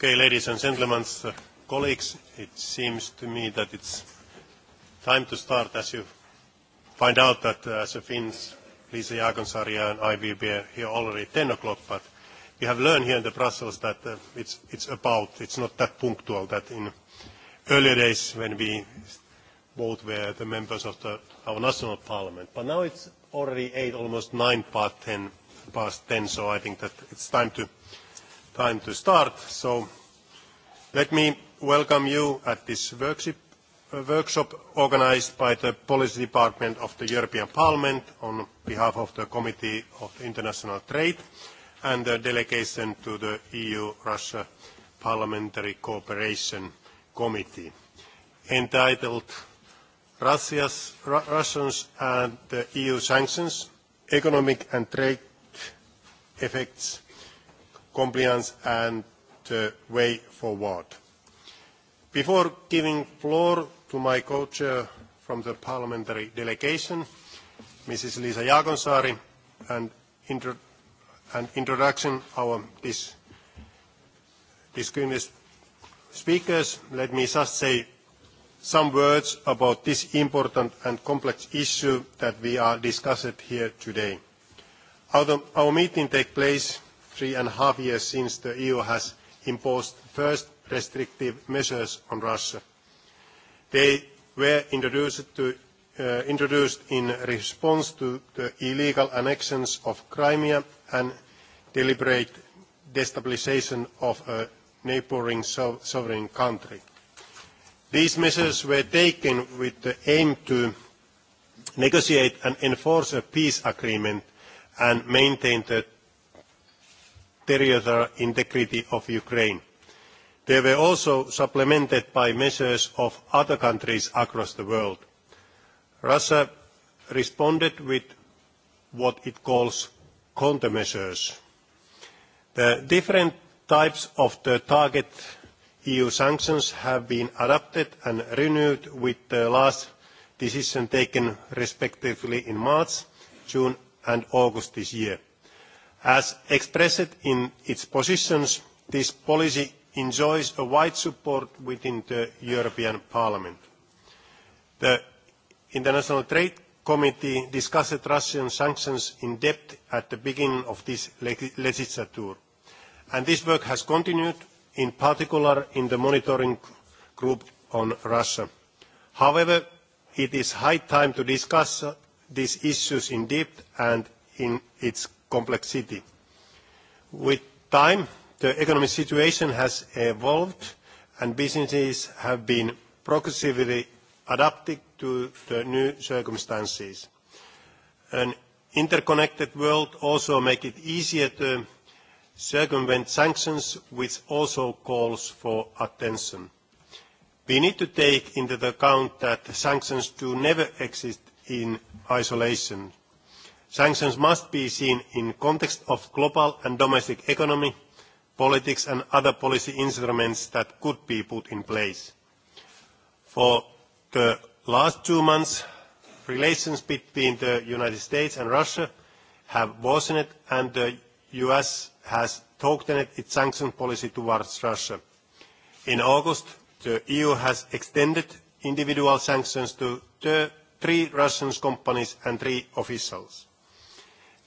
Okay, ladies and gentlemen, colleagues, it seems to me that it's time to start as you find out that uh, as a Finns, Lisa Jaakonsaari and I will be here already 10 o'clock, but we have learned here in the Brussels that uh, it's, it's about, it's not that punctual that in earlier days when we both were the members of the, our national parliament. But now it's already 8, almost 9 past 10, past 10, so I think that it's time to time to start. So let me welcome you at this workshop, uh, workshop organized by the Policy Department of the European Parliament on behalf of the Committee of International Trade and the delegation to the EU-Russia Parliamentary Cooperation Committee entitled Russia's, Ru Russians and the EU sanctions, economic and trade effects compliance and the uh, way forward. Before giving floor to my co-chair from the parliamentary delegation, Mrs. Liisa Jaakonsaari, and, intro introduction our distinguished speakers, let me just say some words about this important and complex issue that we are discussing here today. Our, our meeting takes place three and a half years since the EU has imposed first restrictive measures on Russia. They were introduced, to, uh, introduced in response to the illegal annexions of Crimea and deliberate destabilization of a neighboring so sovereign country. These measures were taken with the aim to negotiate and enforce a peace agreement and maintain the territorial integrity of Ukraine. They were also supplemented by measures of other countries across the world. Russia responded with what it calls countermeasures. The different types of the target EU sanctions have been adapted and renewed with the last decision taken respectively in March, June and August this year. As expressed in its positions, this policy enjoys a wide support within the European Parliament. The International Trade Committee discussed Russian sanctions in depth at the beginning of this legislature, and this work has continued, in particular in the monitoring group on Russia. However, it is high time to discuss uh, these issues in depth and in its complexity. With time, the economic situation has evolved, and businesses have been progressively adapting to the new circumstances. An interconnected world also makes it easier to circumvent sanctions, which also calls for attention. We need to take into account that sanctions do never exist in isolation. Sanctions must be seen in context of global and domestic economy, politics and other policy instruments that could be put in place. For the last two months, relations between the United States and Russia have worsened and the US has tightened its sanctions policy towards Russia. In August, the EU has extended individual sanctions to three Russian companies and three officials.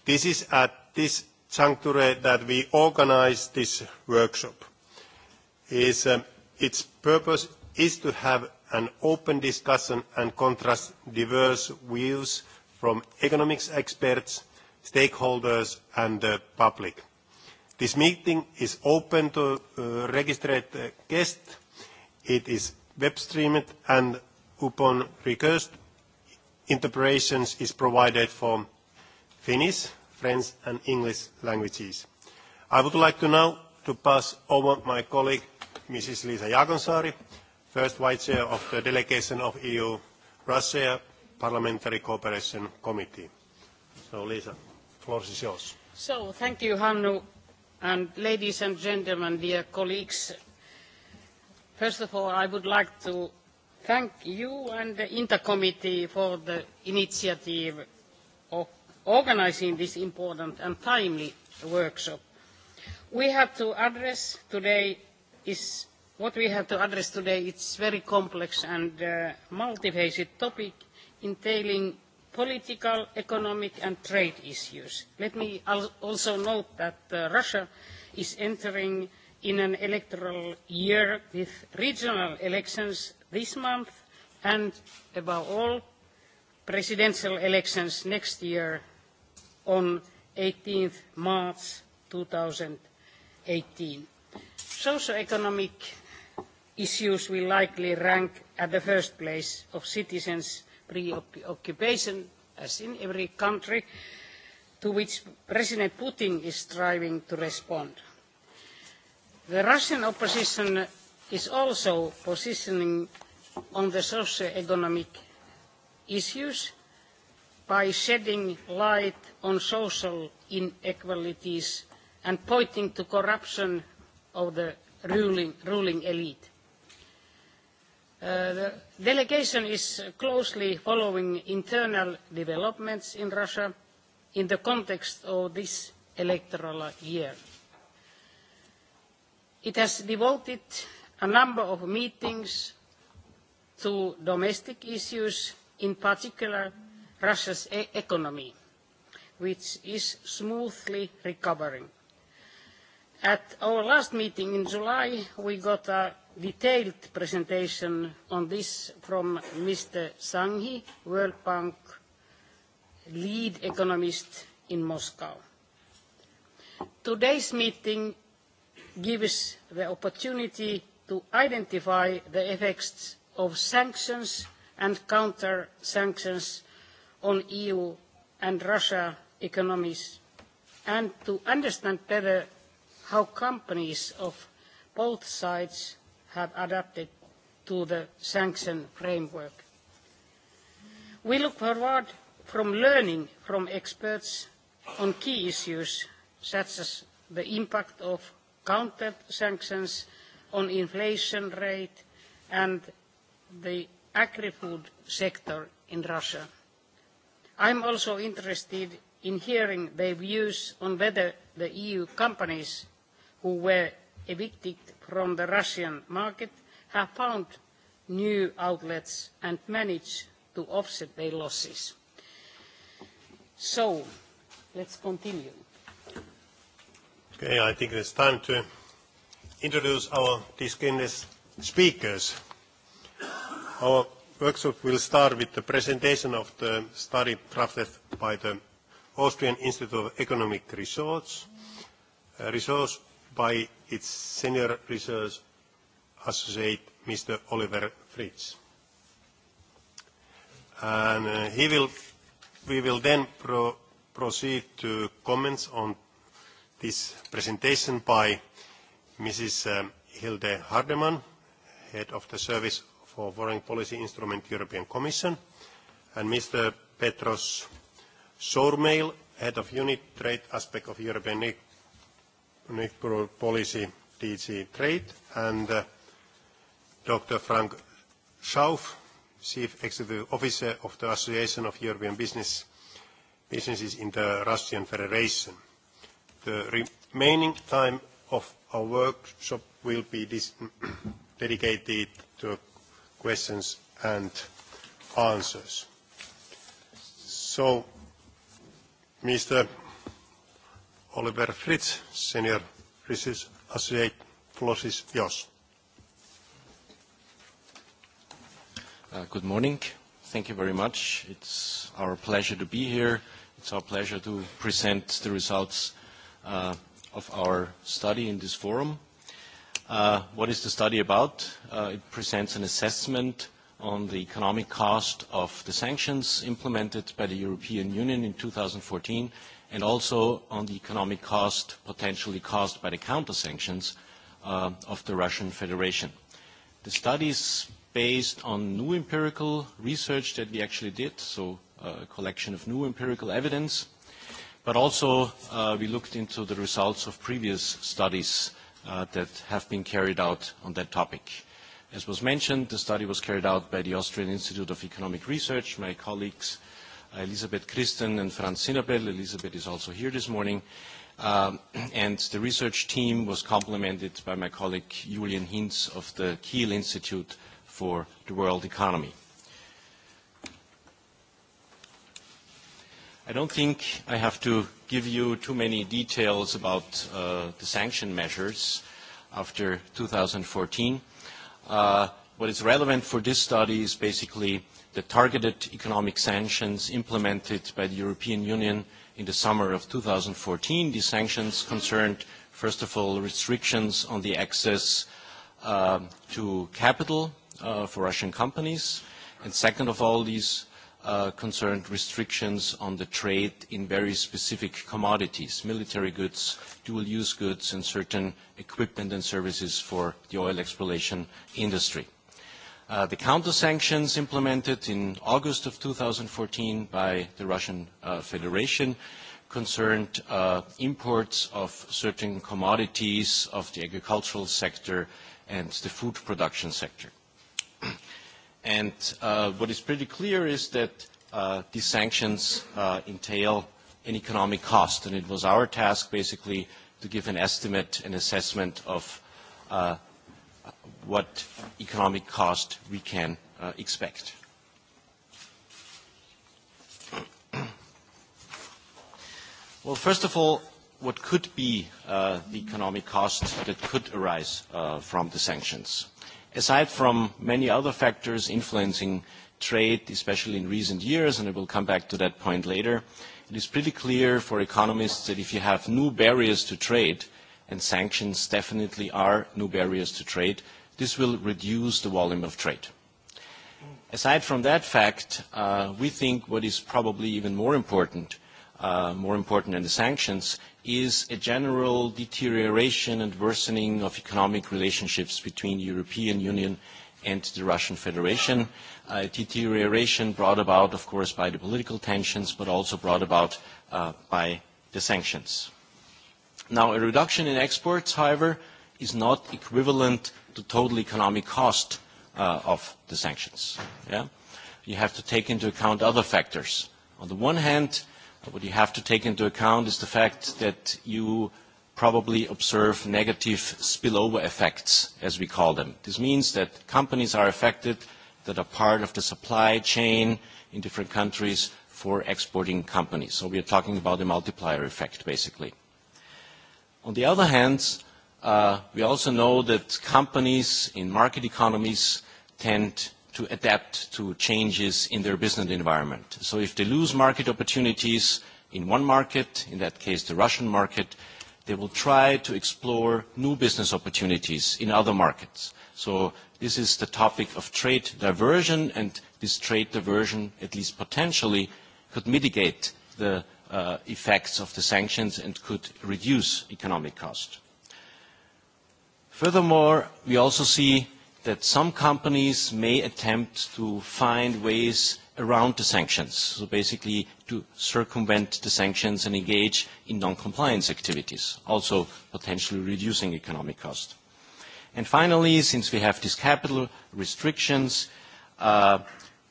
This is at this juncture that we organize this workshop. Is, um, its purpose is to have an open discussion and contrast diverse views from economics experts, stakeholders and the public. This meeting is open to uh, registered uh, guests. It is web streamed and upon request, interpretations is provided for Finnish, French and English languages. I would like to now to pass over my colleague, Mrs. Liisa Jaakonsaari, first Vice Chair of the Delegation of EU-Russia Parliamentary Cooperation Committee. So, Liisa, floor is yours. So, thank you, Hannu, and ladies and gentlemen, dear colleagues. First of all, I would like to thank you and the Inter Committee for the initiative of organising this important and timely workshop. We have to address today is what we have to address today is very complex and uh, multifaceted topic entailing political, economic and trade issues. Let me al also note that uh, Russia is entering in an electoral year with regional elections this month and, above all, presidential elections next year on 18 March 2018. socio-economic issues will likely rank at the first place of citizens' preoccupation, as in every country, to which President Putin is striving to respond. The Russian opposition is also positioning on the socio-economic issues by shedding light on social inequalities and pointing to corruption of the ruling, ruling elite. Uh, the delegation is closely following internal developments in Russia in the context of this electoral year. It has devoted a number of meetings to domestic issues, in particular Russia's economy, which is smoothly recovering. At our last meeting in July, we got a detailed presentation on this from Mr. Sanghi, World Bank lead economist in Moscow. Today's meeting gives the opportunity to identify the effects of sanctions and counter-sanctions on EU and Russia economies and to understand better how companies of both sides have adapted to the sanction framework. We look forward from learning from experts on key issues such as the impact of counter sanctions on inflation rate and the agri-food sector in Russia. I'm also interested in hearing their views on whether the EU companies who were evicted from the Russian market have found new outlets and managed to offset their losses. So, let's continue. Okay, I think it's time to introduce our distinguished speakers. Our workshop will start with the presentation of the study drafted by the Austrian Institute of Economic Research, uh, research by its senior research associate, Mr. Oliver Fritz. And uh, he will, we will then pro proceed to comments on this presentation by Mrs. Um, Hilde Hardemann, head of the Service for Foreign Policy Instrument European Commission, and Mr. Petros Sourmail, Head of Unit Trade Aspect of European Policy, DG Trade, and uh, Dr. Frank Schauf, Chief Executive Officer of the Association of European Business, Businesses in the Russian Federation. The remaining time of our workshop will be dedicated to questions and answers. So, Mr. Oliver Fritz, Senior Research Associate, floor is yours. Uh, good morning. Thank you very much. It's our pleasure to be here. It's our pleasure to present the results uh, of our study in this forum. Uh, what is the study about? Uh, it presents an assessment on the economic cost of the sanctions implemented by the European Union in 2014 and also on the economic cost potentially caused by the counter-sanctions uh, of the Russian Federation. The study is based on new empirical research that we actually did, so uh, a collection of new empirical evidence, but also uh, we looked into the results of previous studies Uh, that have been carried out on that topic. As was mentioned, the study was carried out by the Austrian Institute of Economic Research, my colleagues uh, Elisabeth Christen and Franz Sinnabel. Elisabeth is also here this morning. Um, and the research team was complemented by my colleague Julian Hinz of the Kiel Institute for the World Economy. I don't think I have to give you too many details about uh, the sanction measures after 2014. Uh, what is relevant for this study is basically the targeted economic sanctions implemented by the European Union in the summer of 2014. These sanctions concerned, first of all, restrictions on the access uh, to capital uh, for Russian companies, and second of all, these Uh, concerned restrictions on the trade in very specific commodities, military goods, dual-use goods, and certain equipment and services for the oil exploration industry. Uh, the counter-sanctions implemented in August of 2014 by the Russian uh, Federation concerned uh, imports of certain commodities of the agricultural sector and the food production sector. And uh, what is pretty clear is that uh, these sanctions uh, entail an economic cost, and it was our task basically to give an estimate, an assessment of uh, what economic cost we can uh, expect. well, first of all, what could be uh, the economic cost that could arise uh, from the sanctions? Uh, aside from many other factors influencing trade, especially in recent years, and I will come back to that point later, it is pretty clear for economists that if you have new barriers to trade, and sanctions definitely are new barriers to trade, this will reduce the volume of trade. Aside from that fact, uh, we think what is probably even more important, uh, more important than the sanctions, is a general deterioration and worsening of economic relationships between the European Union and the Russian Federation. Uh, deterioration brought about, of course, by the political tensions, but also brought about uh, by the sanctions. Now, a reduction in exports, however, is not equivalent to total economic cost uh, of the sanctions. Yeah? You have to take into account other factors. On the one hand, What you have to take into account is the fact that you probably observe negative spillover effects, as we call them. This means that companies are affected that are part of the supply chain in different countries for exporting companies. So we are talking about a multiplier effect, basically. On the other hand, uh, we also know that companies in market economies tend to adapt to changes in their business environment. So if they lose market opportunities in one market, in that case the Russian market, they will try to explore new business opportunities in other markets. So this is the topic of trade diversion, and this trade diversion, at least potentially, could mitigate the uh, effects of the sanctions and could reduce economic cost. Furthermore, we also see that some companies may attempt to find ways around the sanctions, so basically to circumvent the sanctions and engage in non-compliance activities, also potentially reducing economic cost. And finally, since we have these capital restrictions, uh,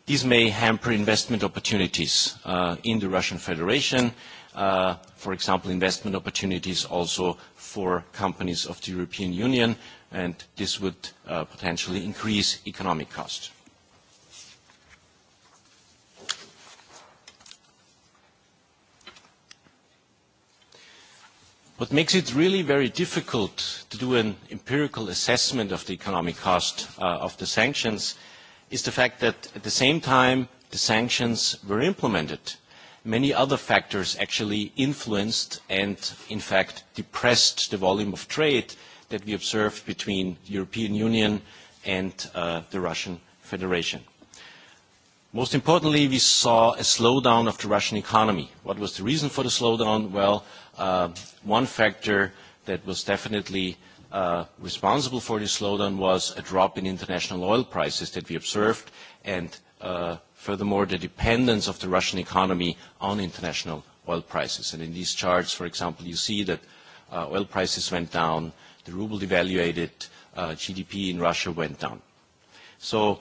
these may hamper investment opportunities uh, in the Russian Federation, uh, for example, investment opportunities also for companies of the European Union, and this would uh, potentially increase economic costs. What makes it really very difficult to do an empirical assessment of the economic cost uh, of the sanctions is the fact that at the same time the sanctions were implemented many other factors actually influenced and, in fact, depressed the volume of trade that we observed between the European Union and uh, the Russian Federation. Most importantly, we saw a slowdown of the Russian economy. What was the reason for the slowdown? Well, uh, one factor that was definitely uh, responsible for this slowdown was a drop in international oil prices that we observed, and Uh, furthermore, the dependence of the Russian economy on international oil prices. And in these charts, for example, you see that uh, oil prices went down, the ruble devaluated, uh, GDP in Russia went down. So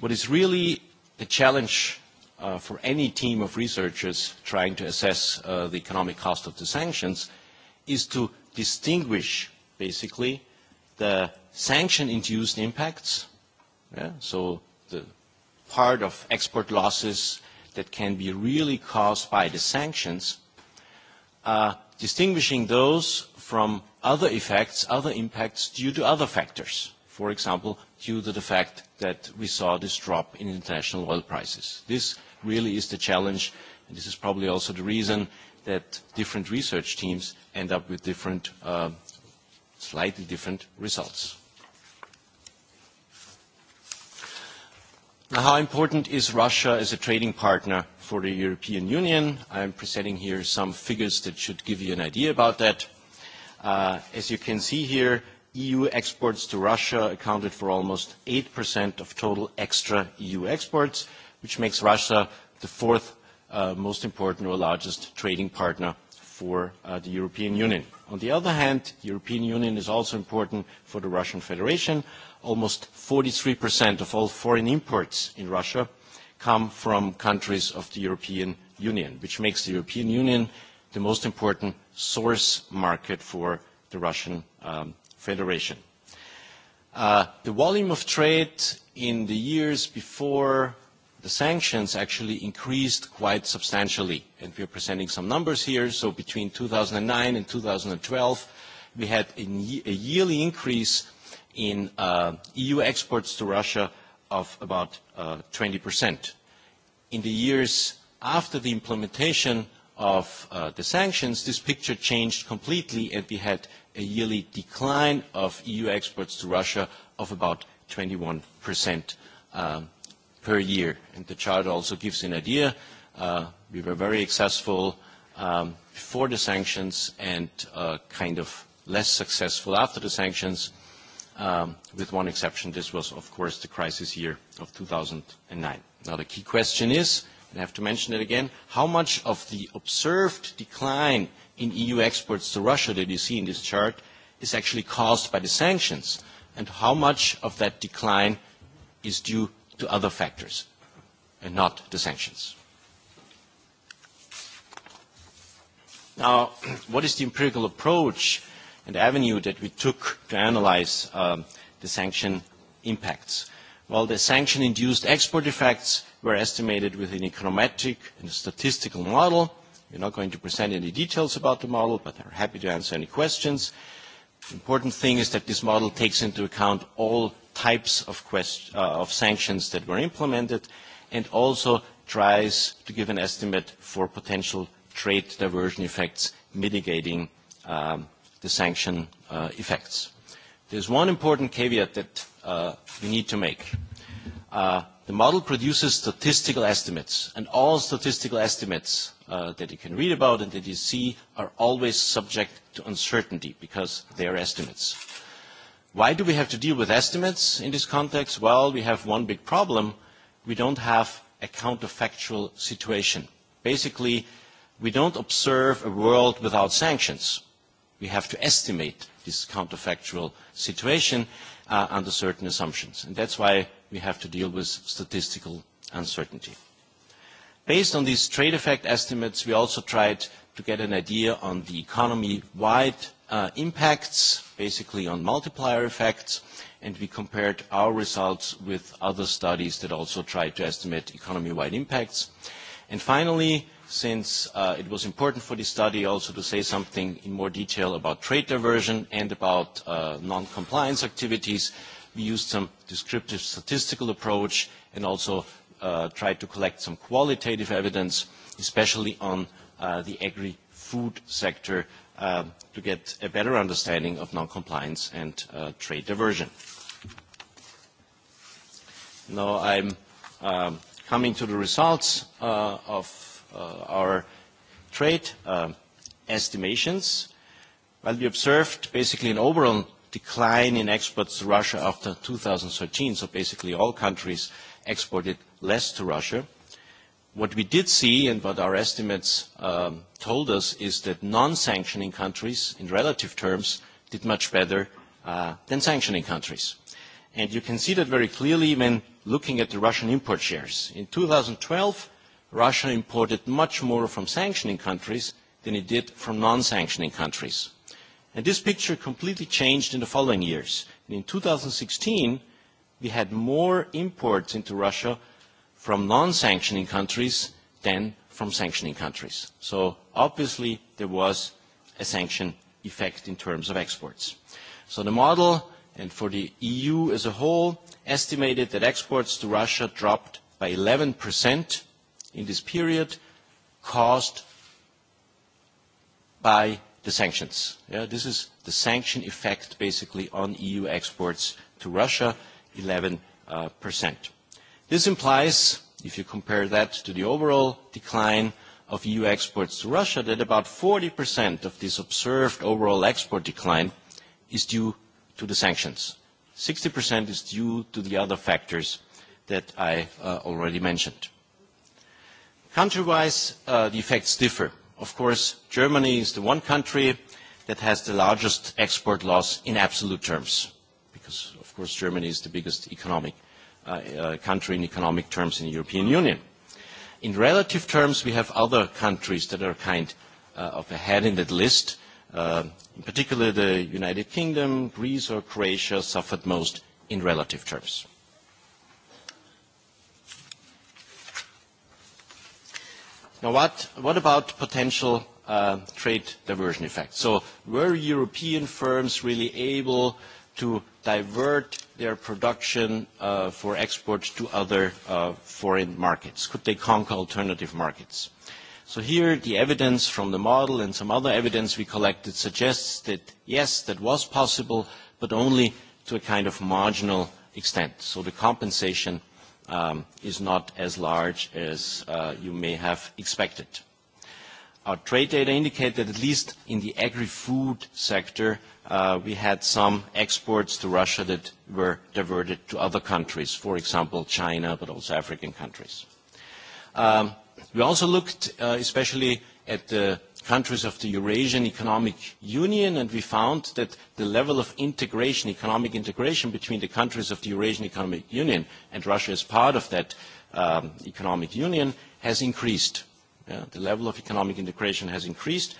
what is really a challenge uh, for any team of researchers trying to assess uh, the economic cost of the sanctions is to distinguish, basically, the sanction-induced impacts, yeah, so the part of export losses that can be really caused by the sanctions, uh, distinguishing those from other effects, other impacts due to other factors. For example, due to the fact that we saw this drop in international oil prices. This really is the challenge, and this is probably also the reason that different research teams end up with different, uh, slightly different results. How important is Russia as a trading partner for the European Union? I'm presenting here some figures that should give you an idea about that. Uh, as you can see here, EU exports to Russia accounted for almost 8% of total extra EU exports, which makes Russia the fourth uh, most important or largest trading partner for uh, the European Union. On the other hand, the European Union is also important for the Russian Federation. Almost 43% of all foreign imports in Russia come from countries of the European Union, which makes the European Union the most important source market for the Russian um, Federation. Uh, the volume of trade in the years before the sanctions actually increased quite substantially. And we are presenting some numbers here. So between 2009 and 2012, we had a, ye a yearly increase in uh, EU exports to Russia of about uh, 20%. In the years after the implementation of uh, the sanctions, this picture changed completely, and we had a yearly decline of EU exports to Russia of about 21% um, per year. And the chart also gives an idea. Uh, we were very successful um, before the sanctions and uh, kind of less successful after the sanctions. Um, with one exception, this was, of course, the crisis year of 2009. Now, the key question is, and I have to mention it again, how much of the observed decline in EU exports to Russia that you see in this chart is actually caused by the sanctions, and how much of that decline is due to other factors and not to sanctions. Now, what is the empirical approach and avenue that we took to analyze um, the sanction impacts? Well, the sanction-induced export effects were estimated with an econometric and a statistical model. We're not going to present any details about the model, but I'm happy to answer any questions. The important thing is that this model takes into account all types of, quest, uh, of sanctions that were implemented and also tries to give an estimate for potential trade diversion effects mitigating um, the sanction uh, effects. There's one important caveat that uh, we need to make. Uh, the model produces statistical estimates, and all statistical estimates uh, that you can read about and that you see are always subject to uncertainty because they are estimates. Why do we have to deal with estimates in this context? Well, we have one big problem. We don't have a counterfactual situation. Basically, we don't observe a world without sanctions. We have to estimate this counterfactual situation uh, under certain assumptions. And that's why we have to deal with statistical uncertainty. Based on these trade effect estimates, we also tried to get an idea on the economy-wide uh, impacts, basically on multiplier effects, and we compared our results with other studies that also tried to estimate economy-wide impacts. And finally, since uh, it was important for this study also to say something in more detail about trade diversion and about uh, non-compliance activities, we used some descriptive statistical approach and also uh, tried to collect some qualitative evidence, especially on uh, the agri-food sector, uh, to get a better understanding of non-compliance and uh, trade diversion. Now I'm um, coming to the results uh, of uh, our trade uh, estimations. Well, we observed basically an overall decline in exports to Russia after 2013, so basically all countries exported less to Russia. What we did see and what our estimates um, told us is that non-sanctioning countries, in relative terms, did much better uh, than sanctioning countries. And you can see that very clearly when looking at the Russian import shares. In 2012, Russia imported much more from sanctioning countries than it did from non-sanctioning countries. And this picture completely changed in the following years. And in 2016, we had more imports into Russia from non-sanctioning countries than from sanctioning countries. So obviously there was a sanction effect in terms of exports. So the model, and for the EU as a whole, estimated that exports to Russia dropped by 11% in this period, caused by the sanctions. Yeah, this is the sanction effect, basically, on EU exports to Russia, 11%. Uh, percent. This implies, if you compare that to the overall decline of EU exports to Russia, that about 40% of this observed overall export decline is due to the sanctions. 60% is due to the other factors that I uh, already mentioned. Country-wise, uh, the effects differ. Of course, Germany is the one country that has the largest export loss in absolute terms, because, of course, Germany is the biggest economic Uh, uh, country in economic terms in the European Union. In relative terms, we have other countries that are kind uh, of ahead in that list. Uh, in particular, the United Kingdom, Greece or Croatia suffered most in relative terms. Now, what, what about potential uh, trade diversion effects? So were European firms really able to divert their production uh, for exports to other uh, foreign markets? Could they conquer alternative markets? So here the evidence from the model and some other evidence we collected suggests that yes, that was possible, but only to a kind of marginal extent. So the compensation um, is not as large as uh, you may have expected. Our trade data indicate that at least in the agri-food sector, uh, we had some exports to Russia that were diverted to other countries, for example, China, but also African countries. Um, we also looked uh, especially at the countries of the Eurasian Economic Union, and we found that the level of integration, economic integration between the countries of the Eurasian Economic Union, and Russia as part of that um, economic union, has increased. Yeah, the level of economic integration has increased,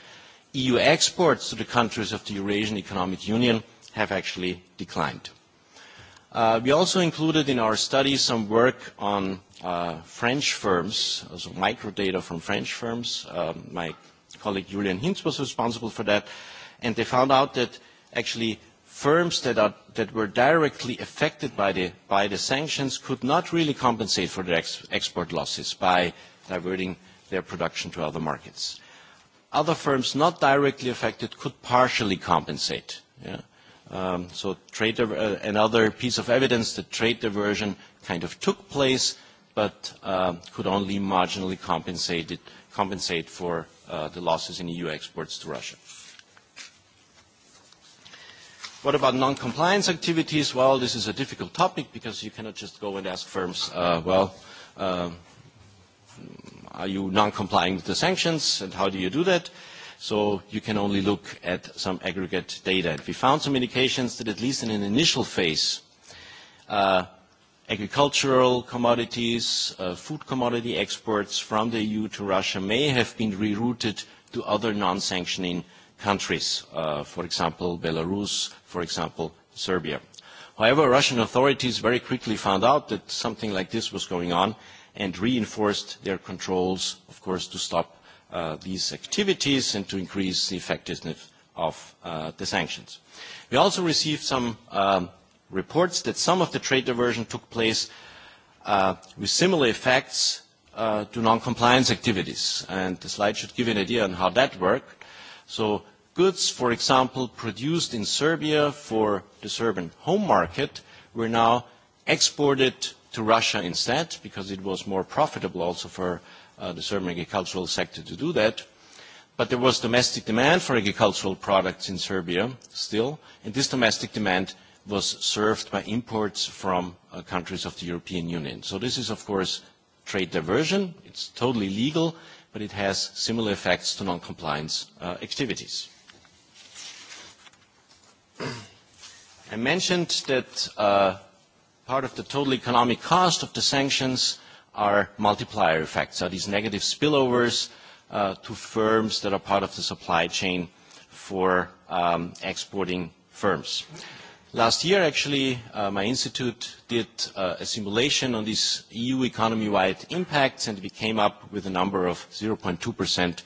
EU exports to the countries of the Eurasian Economic Union have actually declined. Uh, we also included in our study some work on uh, French firms, also microdata from French firms. Uh, my colleague Julian Hintz was responsible for that, and they found out that actually firms that, are, that were directly affected by the, by the sanctions could not really compensate for their ex export losses by diverting their production to other markets other firms not directly affected could partially compensate. Yeah? Um, so trade, uh, another piece of evidence that trade diversion kind of took place, but uh, could only marginally compensate, it, compensate for uh, the losses in EU exports to Russia. What about non-compliance activities? Well, this is a difficult topic because you cannot just go and ask firms, uh, well, um, are you non-complying with the sanctions, and how do you do that? So you can only look at some aggregate data. We found some indications that at least in an initial phase, uh, agricultural commodities, uh, food commodity exports from the EU to Russia may have been rerouted to other non-sanctioning countries, uh, for example, Belarus, for example, Serbia. However, Russian authorities very quickly found out that something like this was going on, and reinforced their controls, of course, to stop uh, these activities and to increase the effectiveness of uh, the sanctions. We also received some um, reports that some of the trade diversion took place uh, with similar effects uh, to non-compliance activities. And the slide should give you an idea on how that worked. So goods, for example, produced in Serbia for the Serbian home market were now exported to Russia instead, because it was more profitable also for uh, the Serbian agricultural sector to do that. But there was domestic demand for agricultural products in Serbia still, and this domestic demand was served by imports from uh, countries of the European Union. So this is, of course, trade diversion. It's totally legal, but it has similar effects to non-compliance uh, activities. I mentioned that uh, part of the total economic cost of the sanctions are multiplier effects, are these negative spillovers uh, to firms that are part of the supply chain for um, exporting firms. Last year, actually, uh, my institute did uh, a simulation on these EU economy-wide impacts, and we came up with a number of 0.2%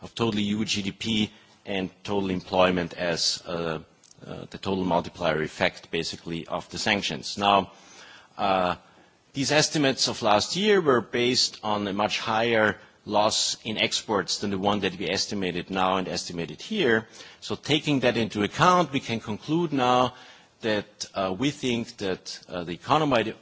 of total EU GDP and total employment as uh, Uh, the total multiplier effect, basically, of the sanctions. Now, uh, these estimates of last year were based on a much higher loss in exports than the one that we estimated now and estimated here. So taking that into account, we can conclude now that uh, we think that uh, the economy-wide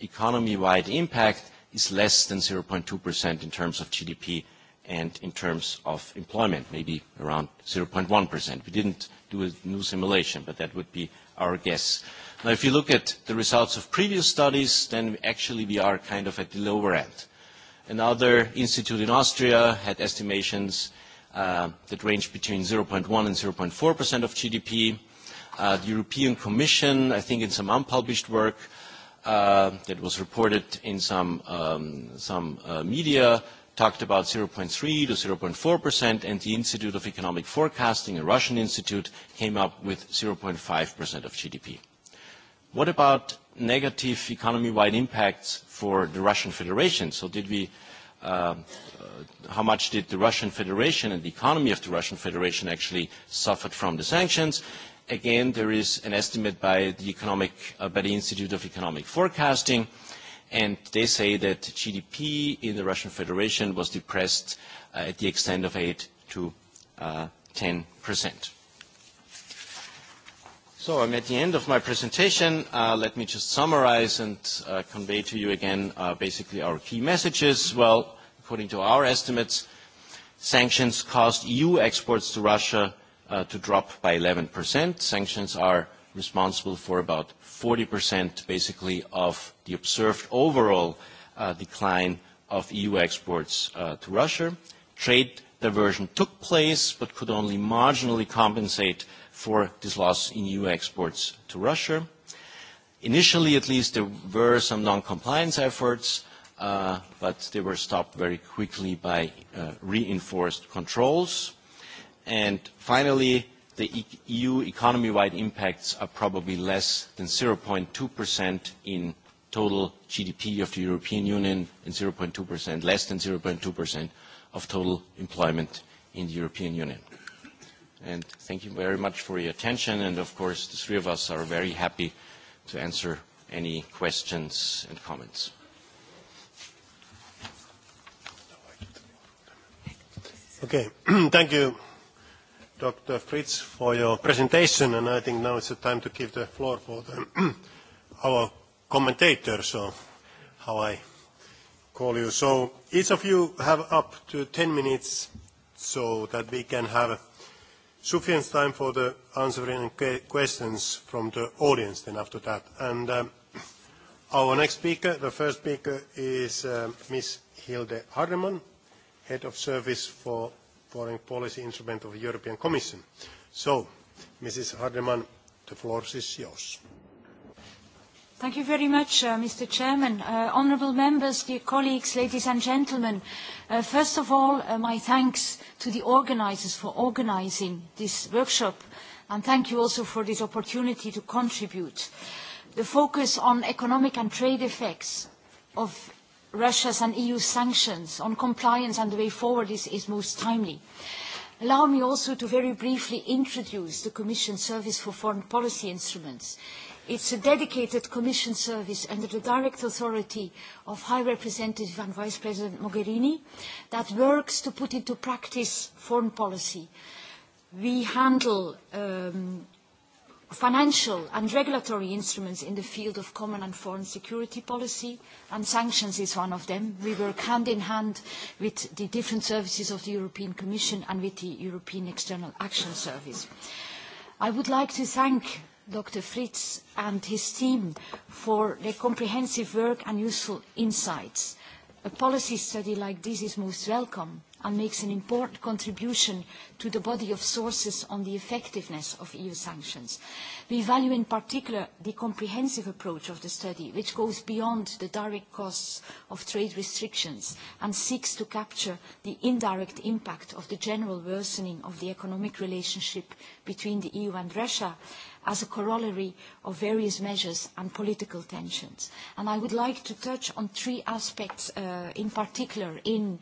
economy impact is less than 0.2% in terms of GDP and in terms of employment, maybe around 0.1%. We didn't do a new simulation, but that would be our guess. Now, if you look at the results of previous studies, then actually we are kind of at the lower end. Another institute in Austria had estimations uh, that range between 0.1 and 0.4% of GDP. Uh, the European Commission, I think in some unpublished work uh, that was reported in some, um, some uh, media, talked about 0.3 to 0.4%, and the Institute of Economic Forecasting, a Russian institute, came up with 0.5% of GDP. What about negative economy-wide impacts for the Russian Federation? So did we, uh, uh, how much did the Russian Federation and the economy of the Russian Federation actually suffered from the sanctions? Again, there is an estimate by the, economic, uh, by the Institute of Economic Forecasting – and they say that GDP in the Russian Federation was depressed uh, at the extent of 8 to uh, 10%. So I'm at the end of my presentation. Uh, let me just summarize and uh, convey to you again uh, basically our key messages. Well, according to our estimates, sanctions caused EU exports to Russia uh, to drop by 11%. Sanctions are responsible for about 40% basically of the observed overall uh, decline of EU exports uh, to Russia. Trade diversion took place but could only marginally compensate for this loss in EU exports to Russia. Initially, at least, there were some non-compliance efforts, uh, but they were stopped very quickly by uh, reinforced controls. And finally, the EU economy-wide impacts are probably less than 0.2% in total GDP of the European Union and 0.2%, less than 0.2% of total employment in the European Union. And thank you very much for your attention. And of course, the three of us are very happy to answer any questions and comments. Okay. thank you. Dr. Fritz, for your presentation, and I think now it's the time to give the floor for the our commentator, so how I call you. So each of you have up to 10 minutes so that we can have sufficient time for the answering questions from the audience then after that. And um, our next speaker, the first speaker is uh, Ms. Hilde Hardeman, Head of Service for foreign policy instrument of the European Commission. So, Mrs. Hardeman, the floor is yours. Thank you very much, uh, Mr. Chairman. Uh, honourable members, dear colleagues, ladies and gentlemen, uh, first of all, uh, my thanks to the organisers for organising this workshop, and thank you also for this opportunity to contribute. The focus on economic and trade effects of Russia's and EU sanctions on compliance and the way forward is, is most timely. Allow me also to very briefly introduce the Commission Service for Foreign Policy Instruments. It's a dedicated Commission service under the direct authority of High Representative and Vice President Mogherini that works to put into practice foreign policy. We handle um, financial and regulatory instruments in the field of common and foreign security policy, and sanctions is one of them. We work hand in hand with the different services of the European Commission and with the European External Action Service. I would like to thank Dr. Fritz and his team for their comprehensive work and useful insights. A policy study like this is most welcome and makes an important contribution to the body of sources on the effectiveness of EU sanctions. We value in particular the comprehensive approach of the study, which goes beyond the direct costs of trade restrictions and seeks to capture the indirect impact of the general worsening of the economic relationship between the EU and Russia, as a corollary of various measures and political tensions. And I would like to touch on three aspects uh, in particular in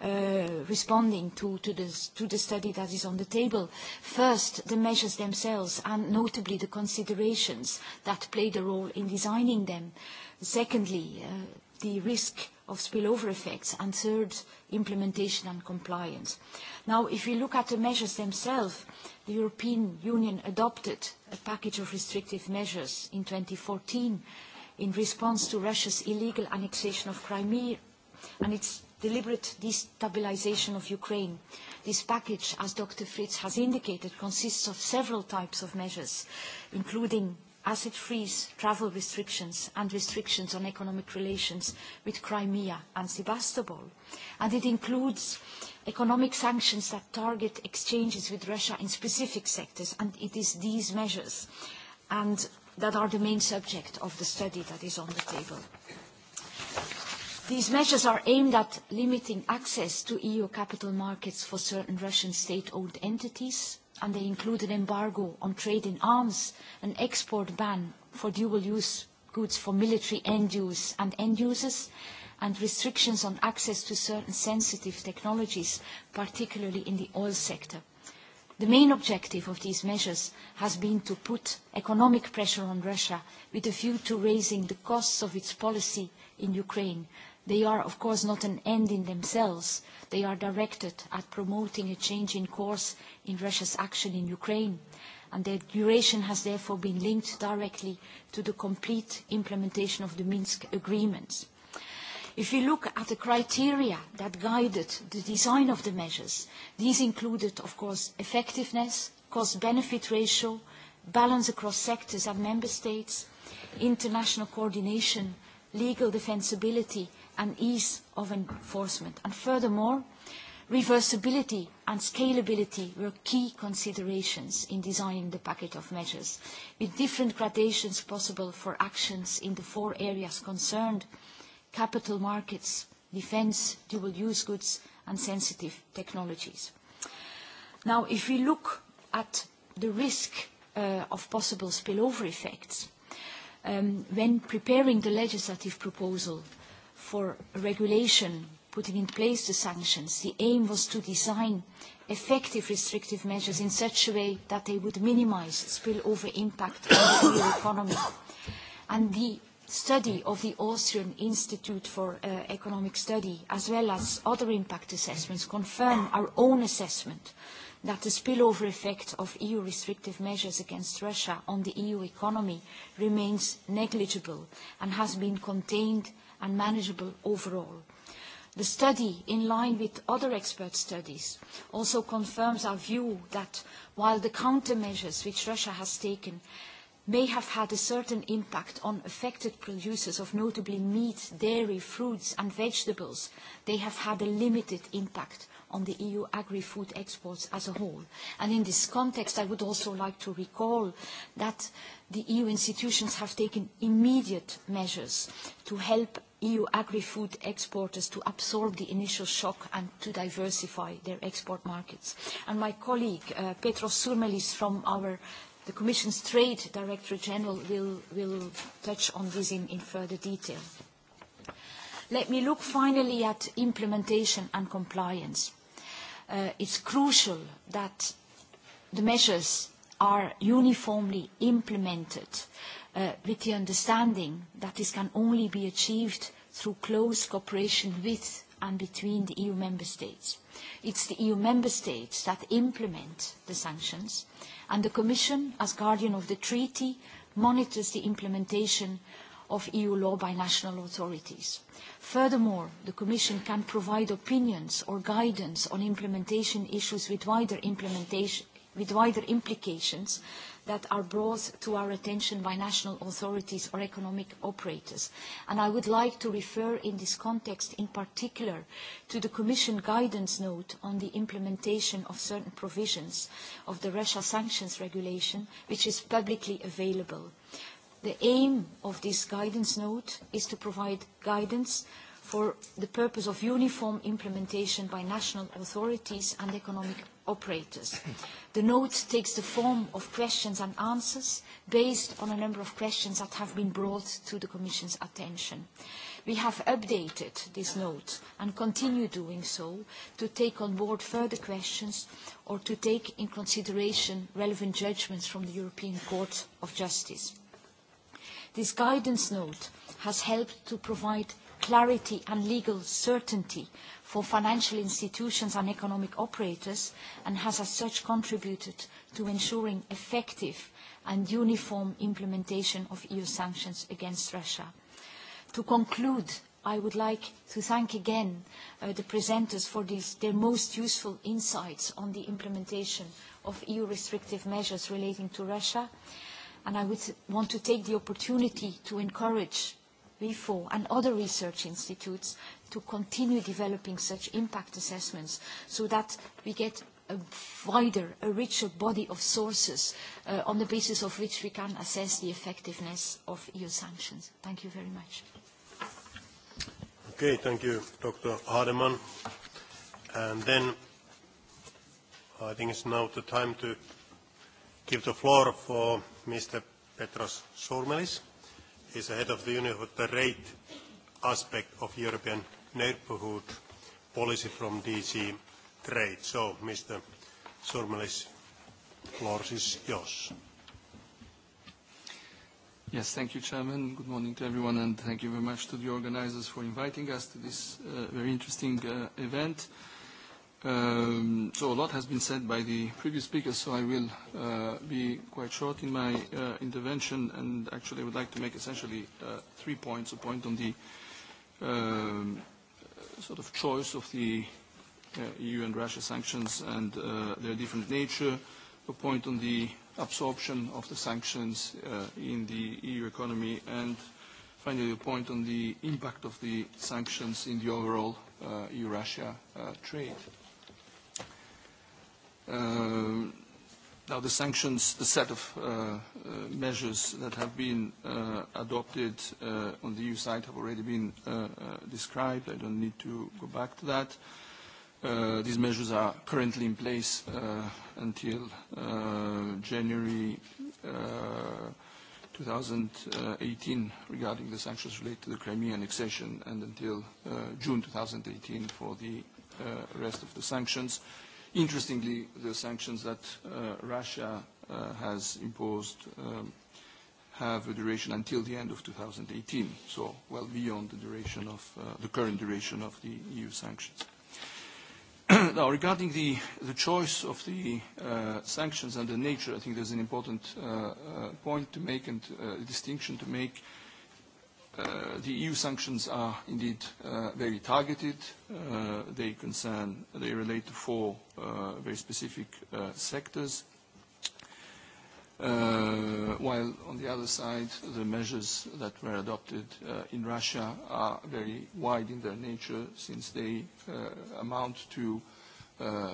uh, responding to, to, this, to the study that is on the table. First, the measures themselves and notably the considerations that played a role in designing them. Secondly, uh, the risk of spillover effects. And third, implementation and compliance. Uh, Now, if we look at the measures themselves, the European Union adopted a package of restrictive measures in 2014 in response to Russia's illegal annexation of Crimea and its deliberate destabilization of Ukraine. This package, as Dr. Fritz has indicated, consists of several types of measures, including acid freeze, travel restrictions and restrictions on economic relations with Crimea and Sebastopol. And it includes economic sanctions that target exchanges with Russia in specific sectors. And it is these measures and that are the main subject of the study that is on the table. These measures are aimed at limiting access to EU capital markets for certain Russian state-owned entities, and they include an embargo on trade in arms, an export ban for dual-use goods for military end use and end users, and restrictions on access to certain sensitive technologies, particularly in the oil sector. The main objective of these measures has been to put economic pressure on Russia with a view to raising the costs of its policy in Ukraine They are, of course, not an end in themselves. They are directed at promoting a change in course in Russia's action in Ukraine, and their duration has therefore been linked directly to the complete implementation of the Minsk agreements. If you look at the criteria that guided the design of the measures, these included, of course, effectiveness, cost-benefit ratio, balance across sectors and member states, international coordination, legal defensibility, and ease of enforcement. And furthermore, reversibility and scalability were key considerations in designing the package of measures, with different gradations possible for actions in the four areas concerned, capital markets, defence, dual-use goods, and sensitive technologies. Now, if we look at the risk uh, of possible spillover effects, um, when preparing the legislative proposal, for regulation, putting in place the sanctions, the aim was to design effective restrictive measures in such a way that they would minimize spillover impact on the EU economy. And the study of the Austrian Institute for uh, Economic Study, as well as other impact assessments, confirm our own assessment that the spillover effect of EU restrictive measures against Russia on the EU economy remains negligible and has been contained and manageable overall. The study, in line with other expert studies, also confirms our view that while the countermeasures which Russia has taken may have had a certain impact on affected producers of notably meat, dairy, fruits and vegetables, they have had a limited impact on the EU agri-food exports as a whole. And in this context, I would also like to recall that the EU institutions have taken immediate measures to help EU agri-food exporters to absorb the initial shock and to diversify their export markets. And my colleague, uh, Petros Surmelis from our, the Commission's Trade Director General will, will touch on this in, in further detail. Let me look finally at implementation and compliance. Uh, it's crucial that the measures are uniformly implemented uh, Uh, with the understanding that this can only be achieved through close cooperation with and between the EU member states. It's the EU member states that implement the sanctions, and the Commission, as guardian of the treaty, monitors the implementation of EU law by national authorities. Furthermore, the Commission can provide opinions or guidance on implementation issues with wider, implementation, with wider implications that are brought to our attention by national authorities or economic operators. And I would like to refer in this context in particular to the Commission guidance note on the implementation of certain provisions of the Russia sanctions regulation, which is publicly available. The aim of this guidance note is to provide guidance for the purpose of uniform implementation by national authorities and economic operators. The note takes the form of questions and answers based on a number of questions that have been brought to the Commission's attention. We have updated this note and continue doing so to take on board further questions or to take in consideration relevant judgments from the European Court of Justice. This guidance note has helped to provide clarity and legal certainty for financial institutions and economic operators and has as such contributed to ensuring effective and uniform implementation of EU sanctions against Russia. To conclude, I would like to thank again uh, the presenters for these, their most useful insights on the implementation of EU restrictive measures relating to Russia. And I would want to take the opportunity to encourage WIFO and other research institutes to continue developing such impact assessments so that we get a wider, a richer body of sources uh, on the basis of which we can assess the effectiveness of EU sanctions. Thank you very much. Okay, thank you, Dr. Hardeman. And then I think it's now the time to give the floor for Mr. Petros Sormelis is ahead of the Union with the rate aspect of European neighborhood policy from DG Trade. So, Mr. Surmelis, floor is yours. Yes, thank you, Chairman. Good morning to everyone, and thank you very much to the organizers for inviting us to this uh, very interesting uh, event. Um, so a lot has been said by the previous speakers, so I will uh, be quite short in my uh, intervention, and actually I would like to make essentially uh, three points, a point on the um, sort of choice of the uh, EU and Russia sanctions and uh, their different nature, a point on the absorption of the sanctions uh, in the EU economy, and finally a point on the impact of the sanctions in the overall uh, EU-Russia uh, trade. Uh, Uh, now the sanctions, the set of uh, uh, measures that have been uh, adopted uh, on the EU side have already been uh, uh, described. I don't need to go back to that. Uh, these measures are currently in place uh, until uh, January uh, 2018 regarding the sanctions related to the Crimean accession, and until uh, June 2018 for the uh, rest of the sanctions. Uh, Interestingly, the sanctions that uh, Russia uh, has imposed um, have a duration until the end of 2018, so well beyond the duration of uh, the current duration of the EU sanctions. now, regarding the, the choice of the uh, sanctions and the nature, I think there's an important uh, uh, point to make and uh, distinction to make uh, Uh, the EU sanctions are indeed uh, very targeted. Uh, they concern, they relate to four uh, very specific uh, sectors. Uh, while on the other side, the measures that were adopted uh, in Russia are very wide in their nature since they uh, amount to uh,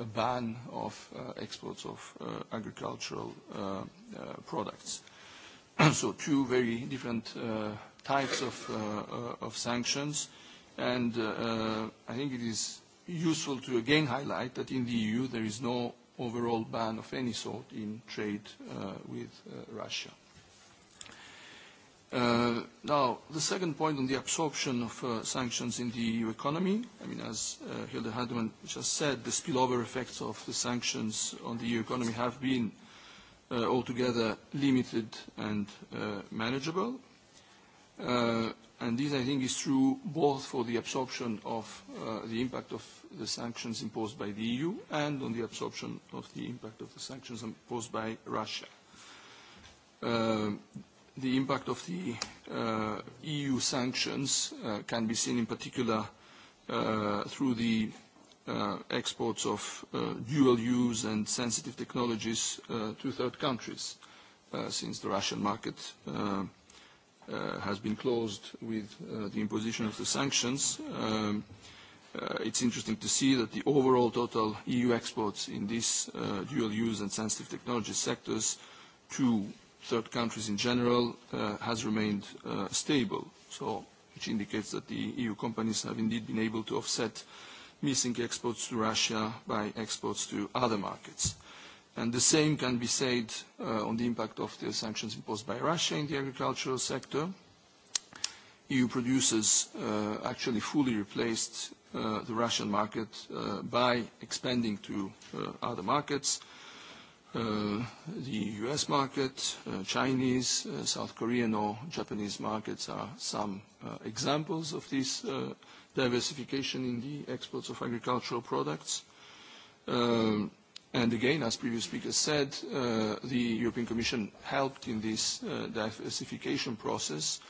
a ban of uh, exports of uh, agricultural uh, uh, products. so two very different uh, types of, uh, uh, of sanctions. And uh, uh, I think it is useful to again highlight that in the EU there is no overall ban of any sort in trade uh, with uh, Russia. Uh, now, the second point on the absorption of uh, sanctions in the EU economy, I mean, as uh, Hilde Hardeman just said, the spillover effects of the sanctions on the EU economy have been uh, altogether limited and uh, manageable. Uh, and this, I think, is true both for the absorption of uh, the impact of the sanctions imposed by the EU and on the absorption of the impact of the sanctions imposed by Russia. Uh, the impact of the uh, EU sanctions uh, can be seen in particular uh, through the uh, exports of uh, dual-use and sensitive technologies uh, to third countries, uh, since the Russian market uh, Uh, has been closed with uh, the imposition of the sanctions, um, uh, it's interesting to see that the overall total EU exports in these uh, dual-use and sensitive technology sectors to third countries in general uh, has remained uh, stable, so which indicates that the EU companies have indeed been able to offset missing exports to Russia by exports to other markets. Uh, And the same can be said uh, on the impact of the sanctions imposed by Russia in the agricultural sector. EU producers uh, actually fully replaced uh, the Russian market uh, by expanding to uh, other markets, uh, the US market, uh, Chinese, uh, South Korean or Japanese markets are some uh, examples of this uh, diversification in the exports of agricultural products. Um, And again, as previous speakers said, uh, the European Commission helped in this uh, diversification process,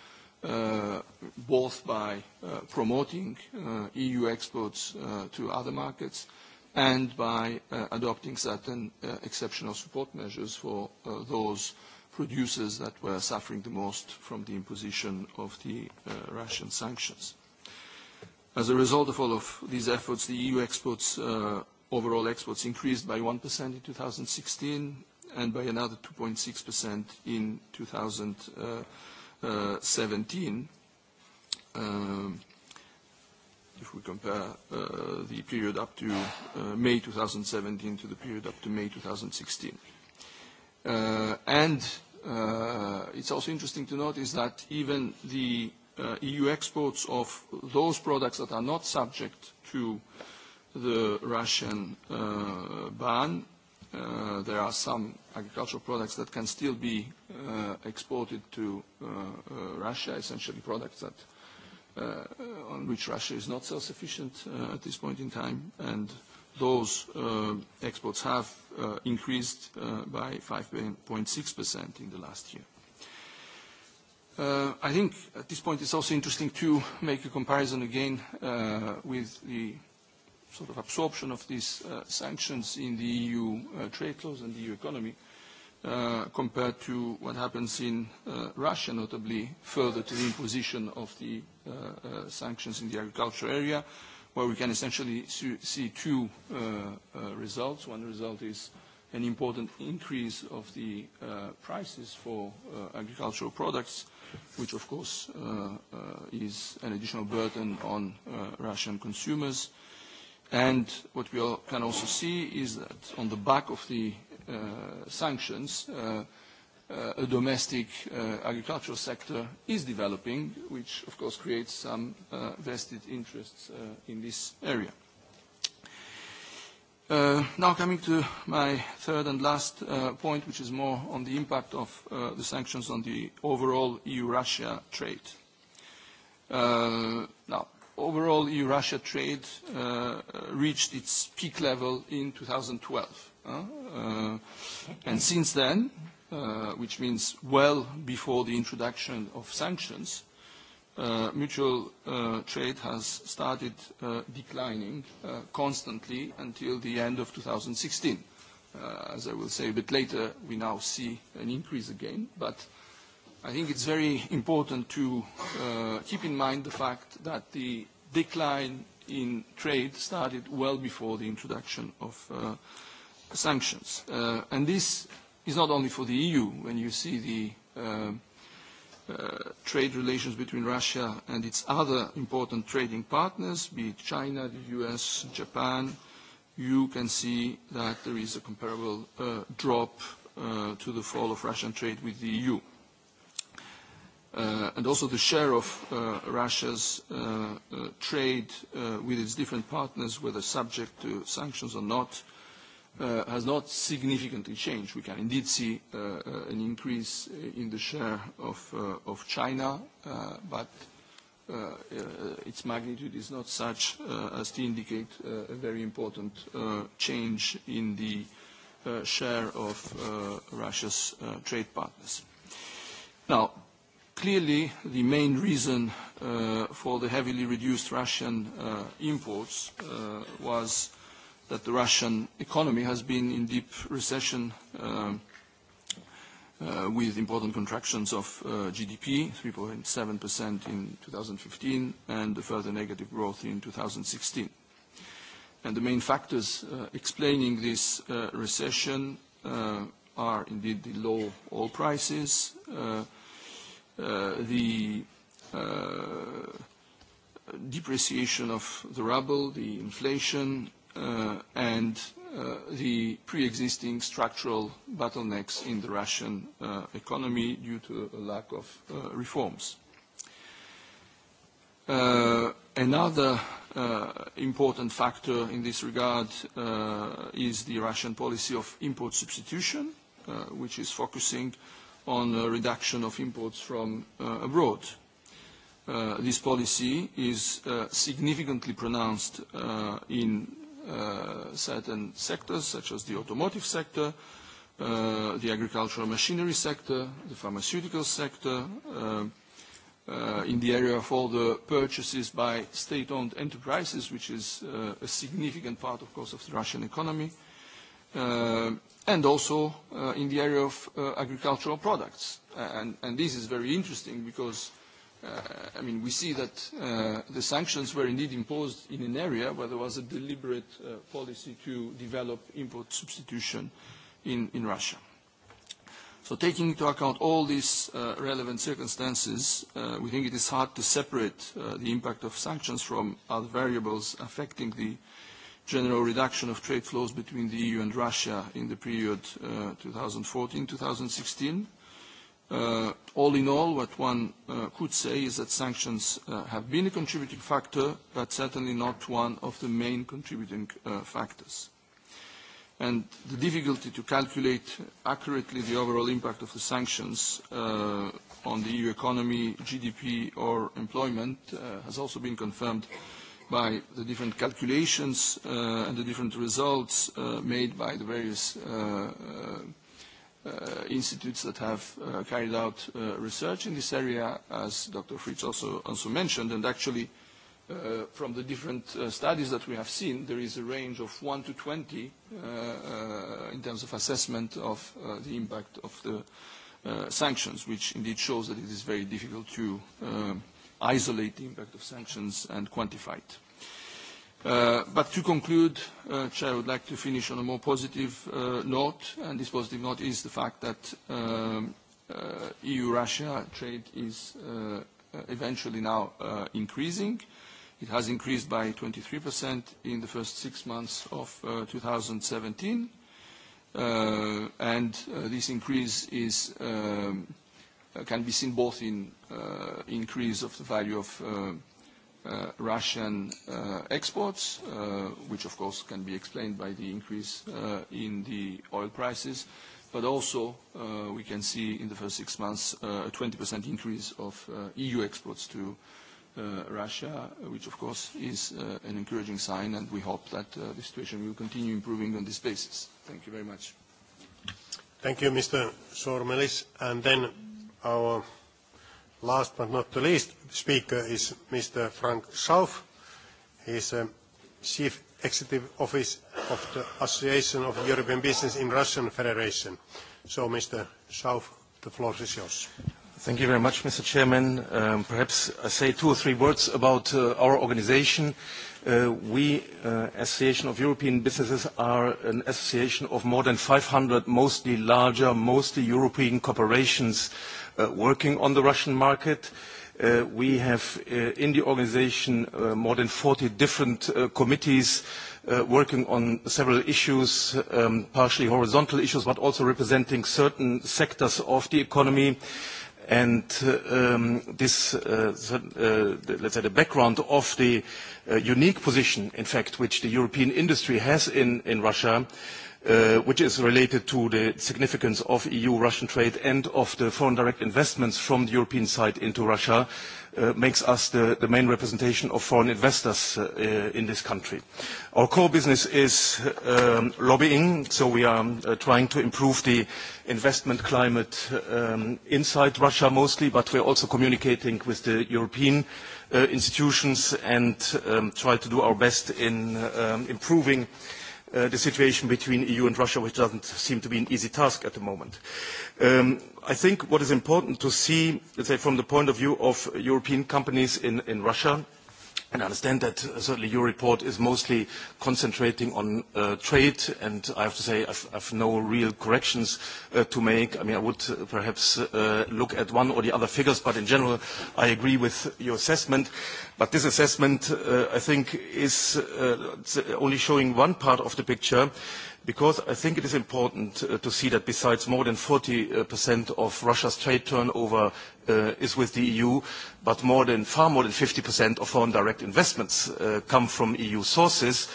uh, both by uh, promoting uh, EU exports uh, to other markets and by adopting certain exceptional support measures for those producers that were suffering the most from the imposition of the Russian sanctions. As a result of all of these efforts, the EU exports uh, Overall exports increased by 1% in 2016 and by another 2.6% in 2017. Um, if we compare uh, the period up to uh, May 2017 to the period up to May 2016. Uh, and it's also interesting to notice that even the EU exports of those products that are not subject to the Russian uh, ban. Uh, there are some agricultural products that can still be uh, exported to uh, uh, Russia, essentially products that, uh, on which Russia is not self-sufficient uh, at this point in time. And those uh, exports have uh, increased uh, by 5.6% in the last year. Uh, I think at this point it's also interesting to make a comparison again uh, with the sort of absorption of these uh, sanctions in the EU uh, trade flows and the EU economy uh, compared to what happens in uh, Russia, notably further to the imposition of the uh, uh, sanctions in the agriculture area, where we can essentially see two uh, uh, results. One result is an important increase of the uh, prices for uh, agricultural products, which of course uh, uh, is an additional burden on uh, Russian consumers. Uh, And what we all can also see is that on the back of the uh, sanctions, uh, uh, a domestic uh, agricultural sector is developing, which of course creates some uh, vested interests uh, in this area. Uh, now coming to my third and last uh, point, which is more on the impact of uh, the sanctions on the overall EU-Russia trade. Uh, now, overall EU-Russia trade uh, reached its peak level in 2012. Uh, uh, and since then, uh, which means well before the introduction of sanctions, uh, mutual uh, trade has started uh, declining uh, constantly until the end of 2016. Uh, as I will say a bit later, we now see an increase again, but uh, I think it's very important to uh, keep in mind the fact that the decline in trade started well before the introduction of uh, sanctions. Uh, and this is not only for the EU. When you see the uh, uh, trade relations between Russia and its other important trading partners, be it China, the US, Japan, you can see that there is a comparable uh, drop uh, to the fall of Russian trade with the EU. Uh, and also the share of uh, Russia's uh, uh trade uh, with its different partners, whether subject to sanctions or not, has not significantly changed. We can indeed see an increase in the share of, of China, but its magnitude is not such as to indicate a very important change in the share of Russia's trade partners. Now, clearly the main reason uh, for the heavily reduced Russian uh, imports uh, was that the Russian economy has been in deep recession uh, uh, with important contractions of uh, GDP, 3.7% in 2015 and a further negative growth in 2016. And the main factors uh, explaining this uh, recession uh, are indeed the low oil prices, uh, Uh, the uh, depreciation of the ruble, the inflation, uh, and uh, the pre-existing structural bottlenecks in the Russian uh, economy due to a lack of uh, reforms. Uh, another uh, important factor in this regard uh, is the Russian policy of import substitution, uh, which is focusing uh, on the reduction of imports from uh, abroad. Uh, this policy is uh, significantly pronounced in certain sectors, such as the automotive sector, Uh, the agricultural machinery sector, the pharmaceutical sector, uh, uh, in the area of all the purchases by state-owned enterprises, which is a significant part, of course, of the Russian economy, Uh, and also uh, in the area of uh, agricultural products. And, and this is very interesting because, uh, I mean, we see that uh, the sanctions were indeed imposed in an area where there was a deliberate uh, policy to develop import substitution in, in Russia. So taking into account all these uh, relevant circumstances, uh, we think it is hard to separate uh, the impact of sanctions from other variables affecting the uh, general reduction of trade flows between the EU and Russia in the period 2014-2016. Uh, uh, all in all, what one uh, could say is that sanctions uh, have been a contributing factor, but certainly not one of the main contributing uh, factors. And the difficulty to calculate accurately the overall impact of the sanctions uh, on the EU economy, GDP or employment has also been confirmed by the different calculations uh, and the different results uh, made by the various uh, uh, uh institutes that have uh, carried out uh, research in this area, as Dr. Fritz also, also mentioned, and actually uh, from the different uh, studies that we have seen, there is a range of 1 to 20 uh, uh, in terms of assessment of uh, the impact of the uh, sanctions, which indeed shows that it is very difficult to uh, isolate the impact of sanctions and quantify it. Uh, but to conclude, uh, Chair, I would like to finish on a more positive uh, note, and this positive note is the fact that um, uh, EU-Russia trade is uh, eventually now uh, increasing. It has increased by 23% in the first six months of uh, 2017, uh, and uh, this increase is um, Uh, can be seen both in uh, increase of the value of uh, uh, Russian uh, exports, uh, which of course can be explained by the increase uh, in the oil prices, but also uh, we can see in the first six months uh, a 20% increase of uh, EU exports to uh, Russia, which of course is uh, an encouraging sign, and we hope that uh, the situation will continue improving on this basis. Thank you very much. Thank you, Mr. Sormelis. And then Our last but not the least speaker is Mr. Frank Schauf. He is Chief Executive officer of the Association of European Business in Russian Federation. So, Mr. Schauf, the floor is yours. Thank you very much, Mr. Chairman. Um, perhaps I say two or three words about uh, our organization. Uh, we, uh, Association of European Businesses, are an association of more than 500, mostly larger, mostly European corporations Uh, working on the Russian market. Uh, we have uh, in the organization uh, more than 40 different uh, committees uh, working on several issues, um, partially horizontal issues, but also representing certain sectors of the economy. And uh, um, this, uh, uh, let's say, the background of the uh, unique position, in fact, which the European industry has in, in Russia, uh, uh, which is related to the significance of EU-Russian trade and of the foreign direct investments from the European side into Russia, uh, makes us the, the main representation of foreign investors uh, uh, in this country. Our core business is um, lobbying, so we are uh, trying to improve the investment climate um, inside Russia mostly, but we're also communicating with the European uh, institutions and um, try to do our best in um, improving uh, Uh, the situation between EU and Russia, which doesn't seem to be an easy task at the moment. Um, I think what is important to see, let's say, from the point of view of European companies in, in Russia, And I understand that uh, certainly your report is mostly concentrating on uh, trade, and I have to say I've, I've no real corrections uh, to make. I mean, I would uh, perhaps uh, look at one or the other figures, but in general, I agree with your assessment. But this assessment, uh, I think, is uh, only showing one part of the picture. Uh, because I think it is important uh, to see that besides more than 40% uh, of Russia's trade turnover uh, is with the EU, but more than, far more than 50% of foreign direct investments uh, come from EU sources,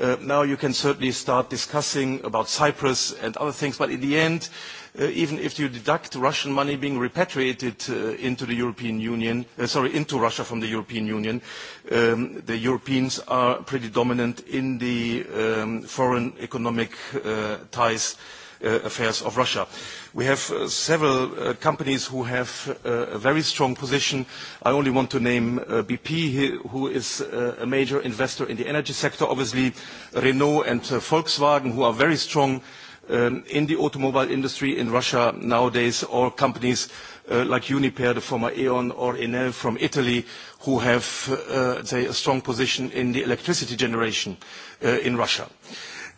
uh, now you can certainly start discussing about Cyprus and other things, but in the end, uh, uh, even if you deduct Russian money being repatriated uh, into the European Union, uh, sorry, into Russia from the European Union, um, the Europeans are pretty dominant in the um, foreign economic uh, ties uh, affairs of Russia. We have uh, several uh, companies who have uh, a very strong position. I only want to name uh, BP, who is uh, a major investor in the energy sector, obviously Renault and uh, Volkswagen, who are very strong uh, um, in the automobile industry in Russia nowadays, or companies uh, like Uniper, the former E.ON, or Enel from Italy, who have, uh, say, a strong position in the electricity generation uh, in Russia.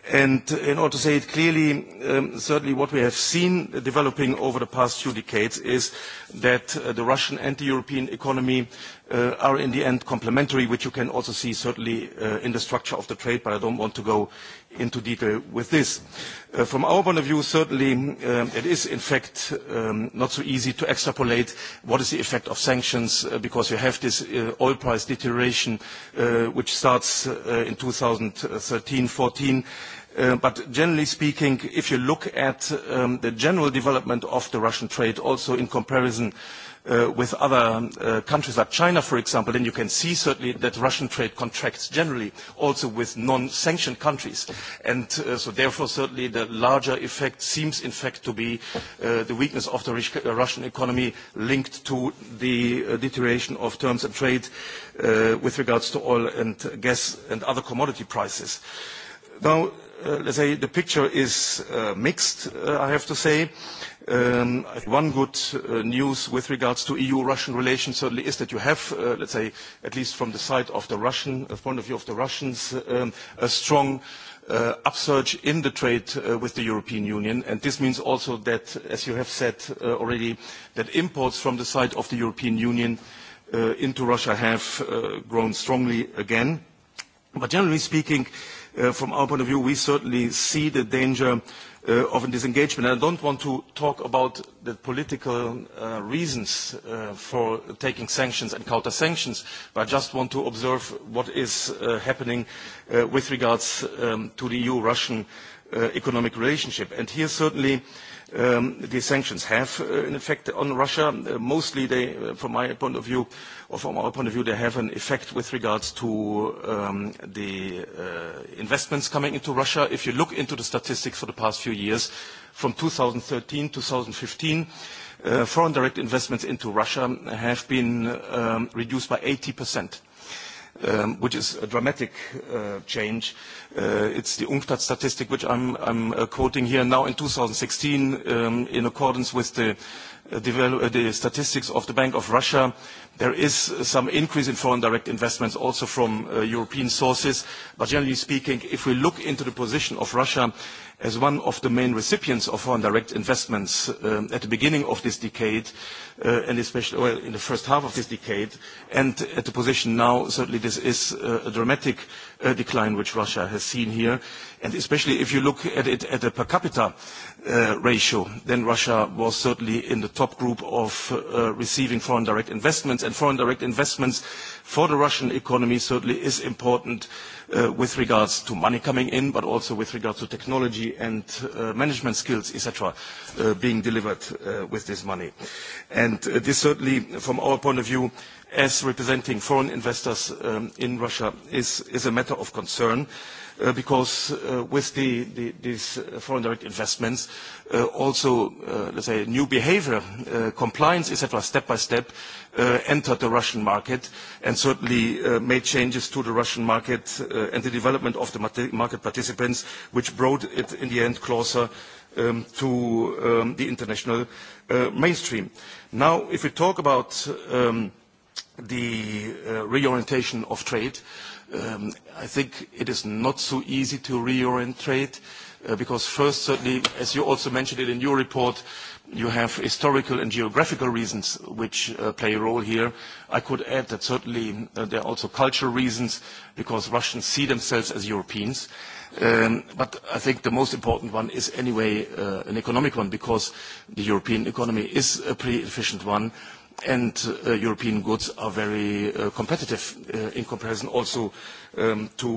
And uh, in order to say it clearly, um, certainly what we have seen developing over the past few decades is that uh, the Russian and the European economy uh, are in the end complementary, which you can also see certainly uh, in the structure of the trade, but I don't want to go into detail with this. Uh, from our point of view, certainly um, it is in fact um, not so easy to extrapolate what is the effect of sanctions uh, because you have this uh, oil price deterioration uh, which starts uh, in 2013-14. but generally speaking, if you look at um, the general development of the Russian trade also in comparison uh, uh, with other uh, countries like China, for example, then you can see certainly that Russian trade contracts generally also with non-sanctioned countries. And uh, so therefore certainly the larger effect seems in fact to be uh, the weakness of the uh, Russian economy linked to the uh, deterioration of terms of trade uh, with regards to oil and gas and other commodity prices. Now, uh, let's say the picture is uh, mixed, uh, I have to say. Uh, Um, one good uh, news with regards to EU-Russian relations certainly is that you have, uh, let's say, at least from the side of the Russian, uh, point of view of the Russians, um, a strong uh, upsurge in the trade uh, with the European Union. And this means also that, as you have said uh, already, that imports from the side of the European Union uh, into Russia have uh, grown strongly again. But generally speaking, uh, uh, from our point of view, we certainly see the danger uh, of a disengagement. I don't want to talk about the political uh, reasons uh, for taking sanctions and counter-sanctions, but I just want to observe what is uh, happening uh, with regards um, to the EU-Russian uh, economic relationship. And here certainly uh, um, the sanctions have uh, an effect on Russia. Uh, mostly, they, uh, from my point of view, or from our point of view, they have an effect with regards to um, the uh, investments coming into Russia. If you look into the statistics for the past few years, from 2013 to 2015, uh, foreign direct investments into Russia have been um, reduced by 80 percent. Uh, um, which is a dramatic uh, change. Uh, it's the UNCTAD statistic which I'm, I'm uh, quoting here now in 2016 um, in accordance with the, uh, develop, uh, the statistics of the Bank of Russia. There is some increase in foreign direct investments also from uh, European sources, but generally speaking, if we look into the position of Russia as one of the main recipients of foreign direct investments um, at the beginning of this decade, uh, and especially well, in the first half of this decade, and at the position now, certainly this is uh, a dramatic uh, decline which Russia has seen here and especially if you look at it at a per capita uh, ratio, then Russia was certainly in the top group of uh, receiving foreign direct investments, and foreign direct investments for the Russian economy certainly is important uh, with regards to money coming in, but also with regards to technology and uh, management skills, etc., uh, being delivered uh, with this money. And uh, this certainly, from our point of view, as representing foreign investors um, in Russia, is, is a matter of concern. Uh, Uh, because uh, with these uh, foreign direct investments, also, let's say, new behavior, compliance, compliance, etc., step by step, entered the Russian market and certainly made changes to the Russian market and the development of the market participants, which brought it in the end closer um, to um, the international mainstream. Now, if we talk about um, the reorientation of trade, Um, I think it is not so easy to reorient trade uh, because first, certainly, as you also mentioned it in your report, you have historical and geographical reasons which uh, play a role here. I could add that certainly uh, there are also cultural reasons because Russians see themselves as Europeans. Um, but I think the most important one is anyway uh, an economic one because the European economy is a pretty efficient one. Uh, and uh, European goods are very uh, competitive uh, in comparison also um, to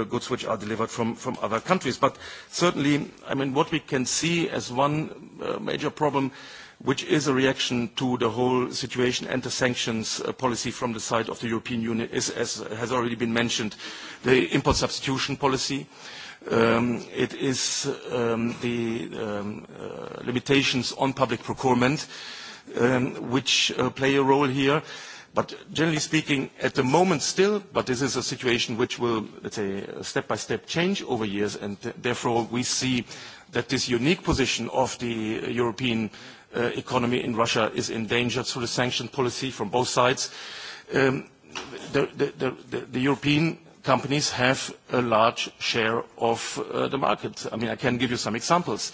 uh, goods which are delivered from, from, other countries. But certainly, I mean, what we can see as one uh, major problem, which is a reaction to the whole situation and the sanctions uh, policy from the side of the European Union, is, as has already been mentioned, the import substitution policy. Um, it is um, the um, limitations on public procurement. Uh, Um, which uh, play a role here. But generally speaking, at the moment still, but this is a situation which will, let's say, step-by-step change over years, and therefore we see that this unique position of the uh, European uh, economy in Russia is endangered through the sanction policy from both sides. Um, the European companies have a large share of uh, the market. I mean, I can give you some examples.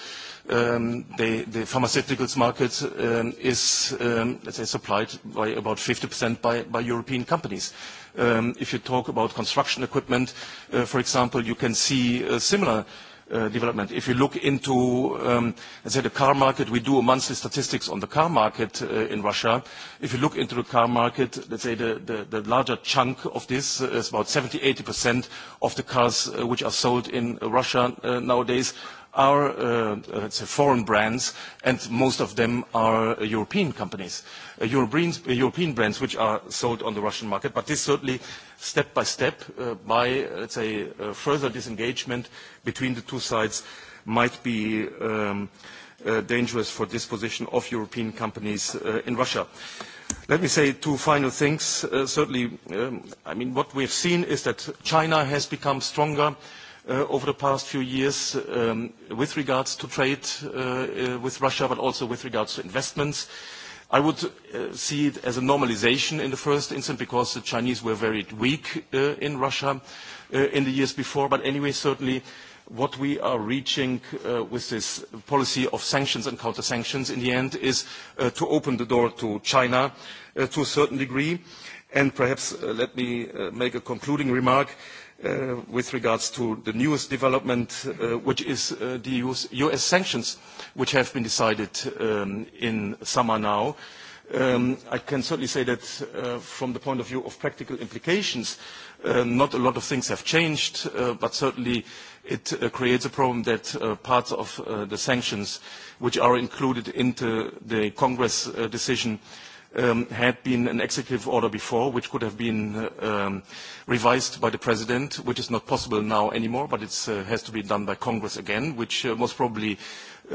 Um, the, the pharmaceuticals market um, is, um, let's say, supplied by about 50% by, by European companies. Um, if you talk about construction equipment, uh, for example, you can see uh, similar Uh, development. If you look into, um, let's say, the car market, we do a monthly statistics on the car market uh, in Russia. If you look into the car market, let's say the, larger chunk of this uh, is about 70-80% of the cars which are sold in Russia nowadays are uh, uh, let's say foreign brands, and most of them are European companies, uh, European, European brands which are sold on the Russian market. But this certainly, step by step, uh, by let's say further disengagement between the two sides, might be um, uh, dangerous for disposition of European companies uh, in Russia. Let me say two final things. Uh, certainly, um, I mean, what we've seen is that China has become stronger. Uh, uh, over the past few years um, with regards to trade uh, uh, with Russia, but also with regards to investments. I would uh, see it as a normalization in the first instance because the Chinese were very weak uh, in Russia uh, in the years before. But anyway, certainly what we are reaching uh, with this policy of sanctions and counter-sanctions in the end is uh, to open the door to China uh, to a certain degree. And perhaps uh, let me uh, make a concluding remark. Uh, uh, with regards to the newest development, uh, which is uh, the US, US sanctions, which have been decided um, in summer now. Um, I can certainly say that uh, from the point of view of practical implications, uh, not a lot of things have changed, uh, but certainly it uh, creates a problem that uh, parts of uh, the sanctions which are included into the Congress uh, decision uh, um, had been an executive order before, which could have been uh, um, revised by the president, which is not possible now anymore, but it uh, has to be done by Congress again, which uh, most probably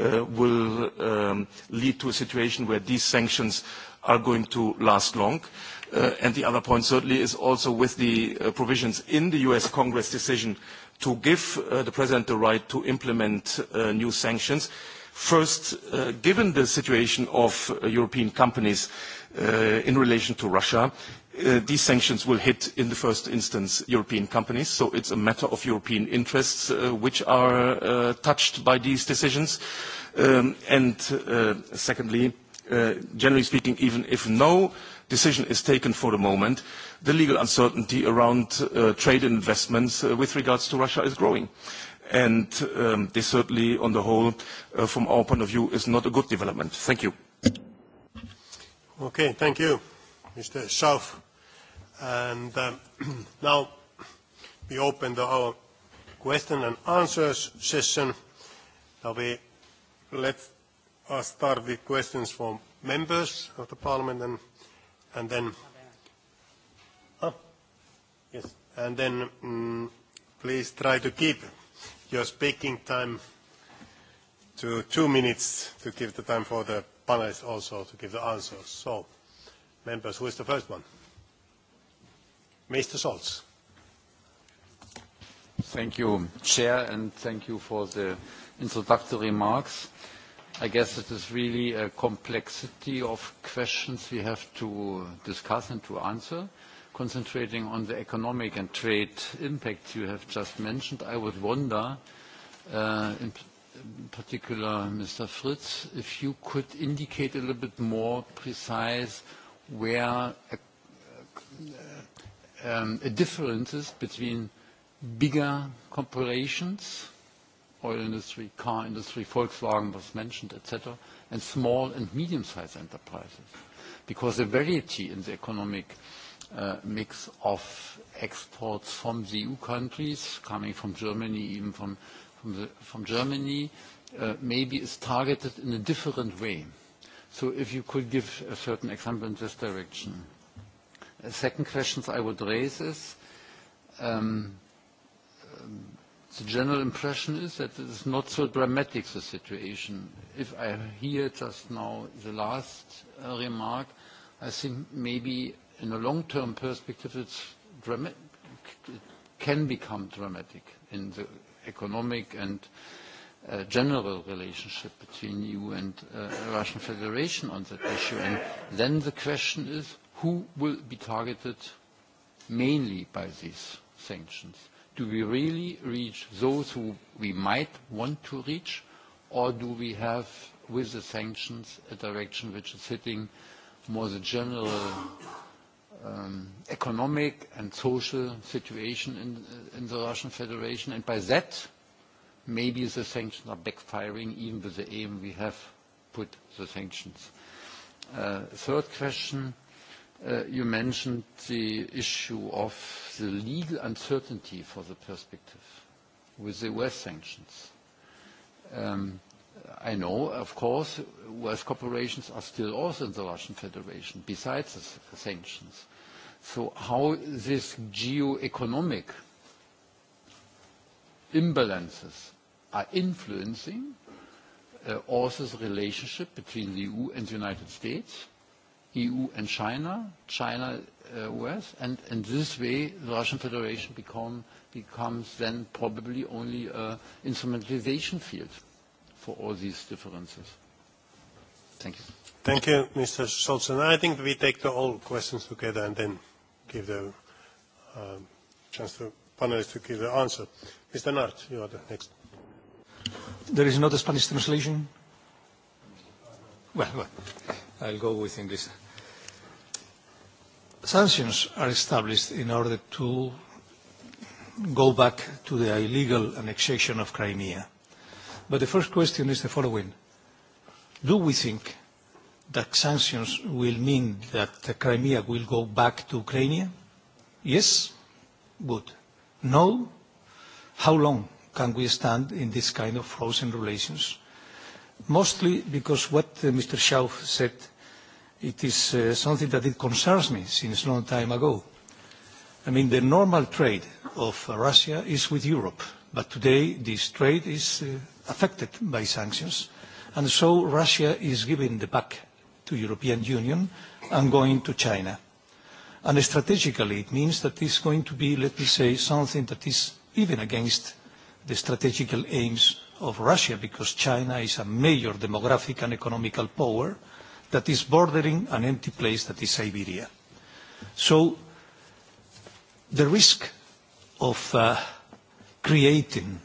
uh, will um, lead to a situation where these sanctions are going to last long. Uh, and the other point certainly is also with the uh, provisions in the U.S. Congress decision to give uh, the President the right to implement uh, new sanctions. First, uh, given the situation of uh, European companies, uh, Uh, in relation to Russia, Uh, these sanctions will hit, in the first instance, European companies. So it's a matter of European interests uh, which are uh, touched by these decisions. Um, and uh, secondly, uh, generally speaking, even if no decision is taken for the moment, the legal uncertainty around uh, trade and investments uh, with regards to Russia is growing. And um, this certainly, on the whole, uh, from our point of view, is not a good development. Thank you. Okay, thank you, Mr. Schauf. And uh, now we open the, our question and answers session. Now we let us start with questions from members of the parliament and, and then oh, yes, and then um, please try to keep your speaking time to two minutes to give the time for the panelists also to give the answers. So, members, who is the first one? Mr. Scholz. Thank you, Chair, and thank you for the introductory remarks. I guess it is really a complexity of questions we have to discuss and to answer. Concentrating on the economic and trade impacts you have just mentioned, I would wonder, uh, in in particular Mr. Fritz, if you could indicate a little bit more precise where a, uh, uh, um, a differences between bigger corporations, oil industry, car industry, Volkswagen was mentioned, etc., and small and medium-sized enterprises. Because the variety in the economic uh, mix of exports from the EU countries, coming from Germany, even from from, the, from Germany uh, maybe is targeted in a different way. So if you could give a certain example in this direction. A second question I would raise is, um, um, the general impression is that it is not so dramatic, the situation. If I hear just now the last uh, remark, I think maybe in a long-term perspective, it's dramatic, it can become dramatic in the economic and uh, general relationship between EU and uh, Russian Federation on that issue. And then the question is, who will be targeted mainly by these sanctions? Do we really reach those who we might want to reach, or do we have, with the sanctions, a direction which is hitting more the general um, economic and social situation in, in the Russian Federation. And by that, maybe the sanctions are backfiring, even with the aim we have put the sanctions. Uh, third question, uh, you mentioned the issue of the legal uncertainty for the perspective with the U.S. sanctions. Um, I know, of course, U.S. corporations are still also in the Russian Federation, besides the sanctions. So how this geo-economic imbalances are influencing uh, also the relationship between the EU and the United States, EU and China, China, uh, US, and in this way the Russian Federation become, becomes then probably only an instrumentalization field for all these differences. Thank you. Thank you, Mr. Scholz. And I think we take the all questions together and then give the uh, chance to panelists to give the answer. Mr. Nart, you are the next. There is not Spanish translation? Well, well I'll go with English. Sanctions are established in order to go back to the illegal annexation of Crimea But the first question is the following. Do we think that sanctions will mean that Crimea will go back to Ukraine? Yes? Good. No? How long can we stand in this kind of frozen relations? Mostly because what uh, Mr. Schauf said, it is uh, something that it concerns me since a long time ago. I mean, the normal trade of Russia is with Europe, but today this trade is uh, affected by sanctions. And so Russia is giving the back to European Union and going to China. And strategically, it means that is going to be, let me say, something that is even against the strategical aims of Russia, because China is a major demographic and economical power that is bordering an empty place that is Siberia. So the risk of uh, creating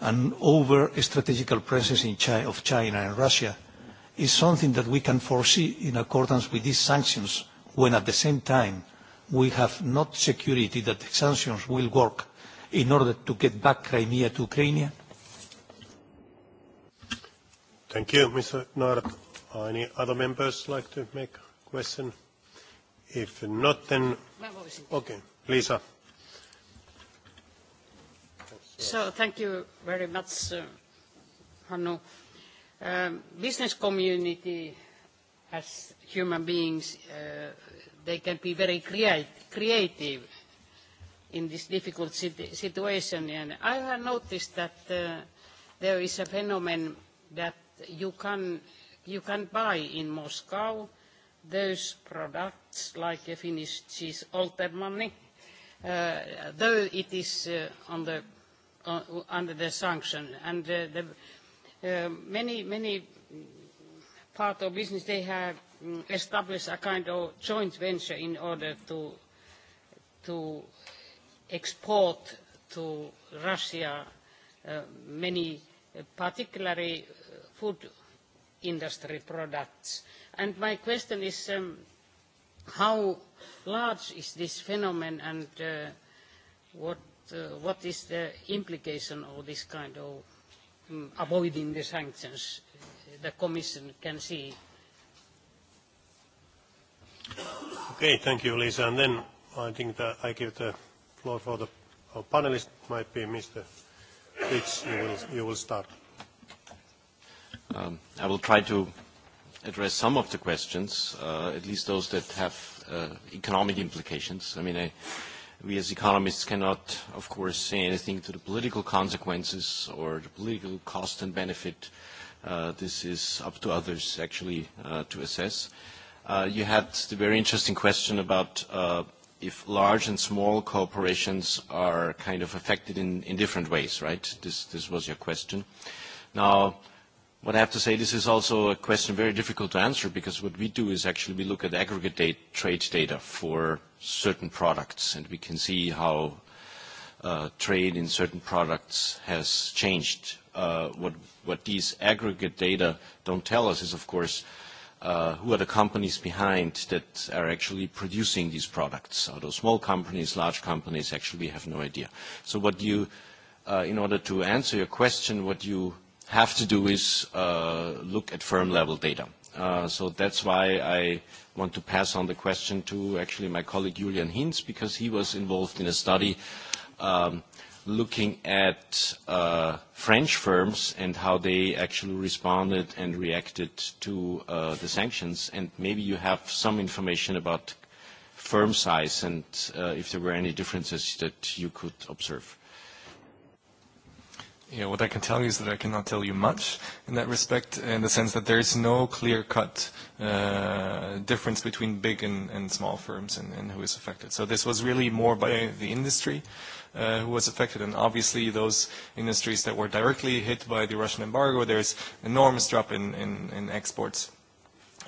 and over strategical presence in China, of China and Russia is something that we can foresee in accordance with these sanctions when at the same time we have not security that the sanctions will work in order to get back Crimea to Ukraine? Thank you, Mr. Nord. any other members like to make a question? If not, then... Okay, Lisa. So thank you very much, uh, Hannu. Um, business community as human beings, uh, they can be very creat creative in this difficult sit situation. And I have noticed that uh, there is a phenomenon that you can, you can buy in Moscow those products like a Finnish cheese, Oltermanni, uh, though it is uh, on the Uh, under the sanction. And uh, the, uh, many, many part of business, they have mm, established a kind of joint venture in order to, to export to Russia uh, many, uh, particularly uh, food industry products. And my question is, um, how large is this phenomenon and uh, what uh, what is the implication of this kind of um, avoiding the sanctions uh, the Commission can see? Okay, thank you, Lisa. And then I think that I give the floor for the our panelist, might be Mr. Fritz. You will, you will start. Um, I will try to address some of the questions, uh, at least those that have uh, economic implications. I mean, I, we as economists cannot, of course, say anything to the political consequences or the political cost and benefit. Uh, this is up to others, actually, uh, to assess. Uh, you had the very interesting question about uh, if large and small corporations are kind of affected in, in different ways, right? This, this was your question. Now, uh, What I have to say this is also a question very difficult to answer because what we do is actually we look at aggregate date, trade data for certain products and we can see how uh, trade in certain products has changed. Uh, what, what these aggregate data don't tell us is, of course, uh, who are the companies behind that are actually producing these products. Are those small companies, large companies? Actually, we have no idea. So what you, uh, in order to answer your question, what you have to do is uh, look at firm-level data. Uh, so that's why I want to pass on the question to actually my colleague Julian Hinz, because he was involved in a study um, looking at uh, French firms and how they actually responded and reacted to uh, the sanctions. And maybe you have some information about firm size and uh, if there were any differences that you could observe. Yeah, what I can tell you is that I cannot tell you much in that respect, in the sense that there is no clear-cut uh, difference between big and, and small firms and, and who is affected. So this was really more by the industry uh, who was affected, and obviously those industries that were directly hit by the Russian embargo, there's enormous drop in, in, in exports,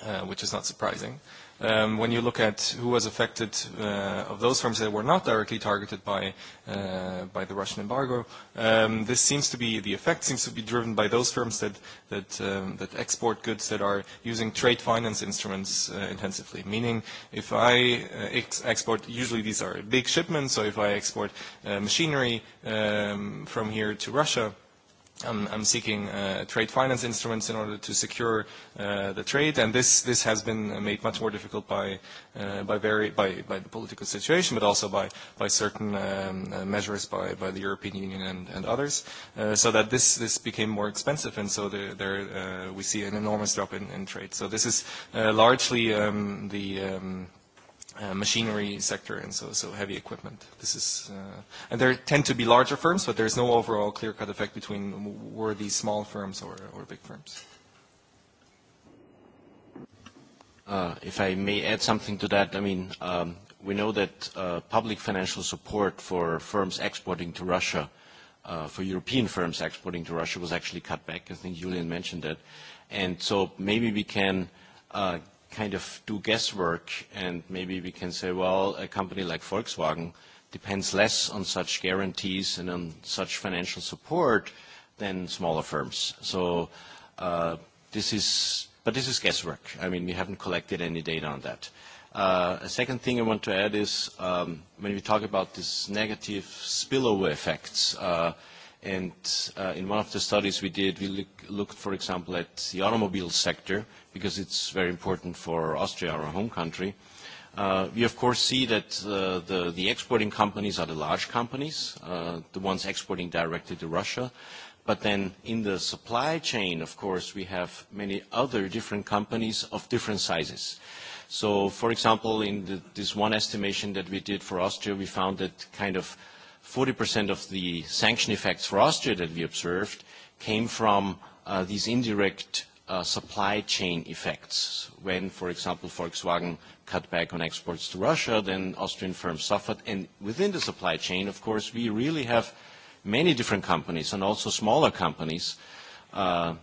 uh, which is not surprising. Uh, um, when you look at who was affected uh, of those firms that were not directly targeted by, uh, by the Russian embargo, um, this seems to be, the effect seems to be driven by those firms that, that, um, that export goods that are using trade finance instruments uh, intensively. Meaning, if I uh, ex export, usually these are big shipments, so if I export uh, machinery um, from here to Russia, I'm, I'm seeking uh, trade finance instruments in order to secure uh, the trade, and this this has been made much more difficult by uh, by, very, by by the political situation, but also by by certain um, uh, measures by, by the European Union and, and others, uh, so that this this became more expensive, and so there, there uh, we see an enormous drop in, in trade. So this is uh, largely um, the um, Uh, machinery sector and so so heavy equipment. This is uh, and there tend to be larger firms, but there's no overall clear-cut effect between were these small firms or, or big firms. Uh, if I may add something to that, I mean um, we know that public financial support for firms exporting to Russia, for European firms exporting to Russia, was actually cut back. I think Julian mentioned that, and so maybe we can kind of do guesswork and maybe we can say, well, a company like Volkswagen depends less on such guarantees and on such financial support than smaller firms. So uh, this is, but this is guesswork. I mean, we haven't collected any data on that. Uh, a second thing I want to add is um, when we talk about these negative spillover effects, uh, and uh, in one of the studies we did, we look, looked, for example, at the automobile sector, because it's very important for Austria, our home country. Uh, we of course see that uh, the, the exporting companies are the large companies, uh, the ones exporting directly to Russia. But then in the supply chain, of course, we have many other different companies of different sizes. So for example, in the, this one estimation that we did for Austria, we found that kind of 40% of the sanction effects for Austria that we observed came from uh, these indirect Uh, supply chain effects. When, for example, Volkswagen cut back on exports to Russia, then Austrian firms suffered. And within the supply chain, of course, we really have many different companies and also smaller companies. Uh,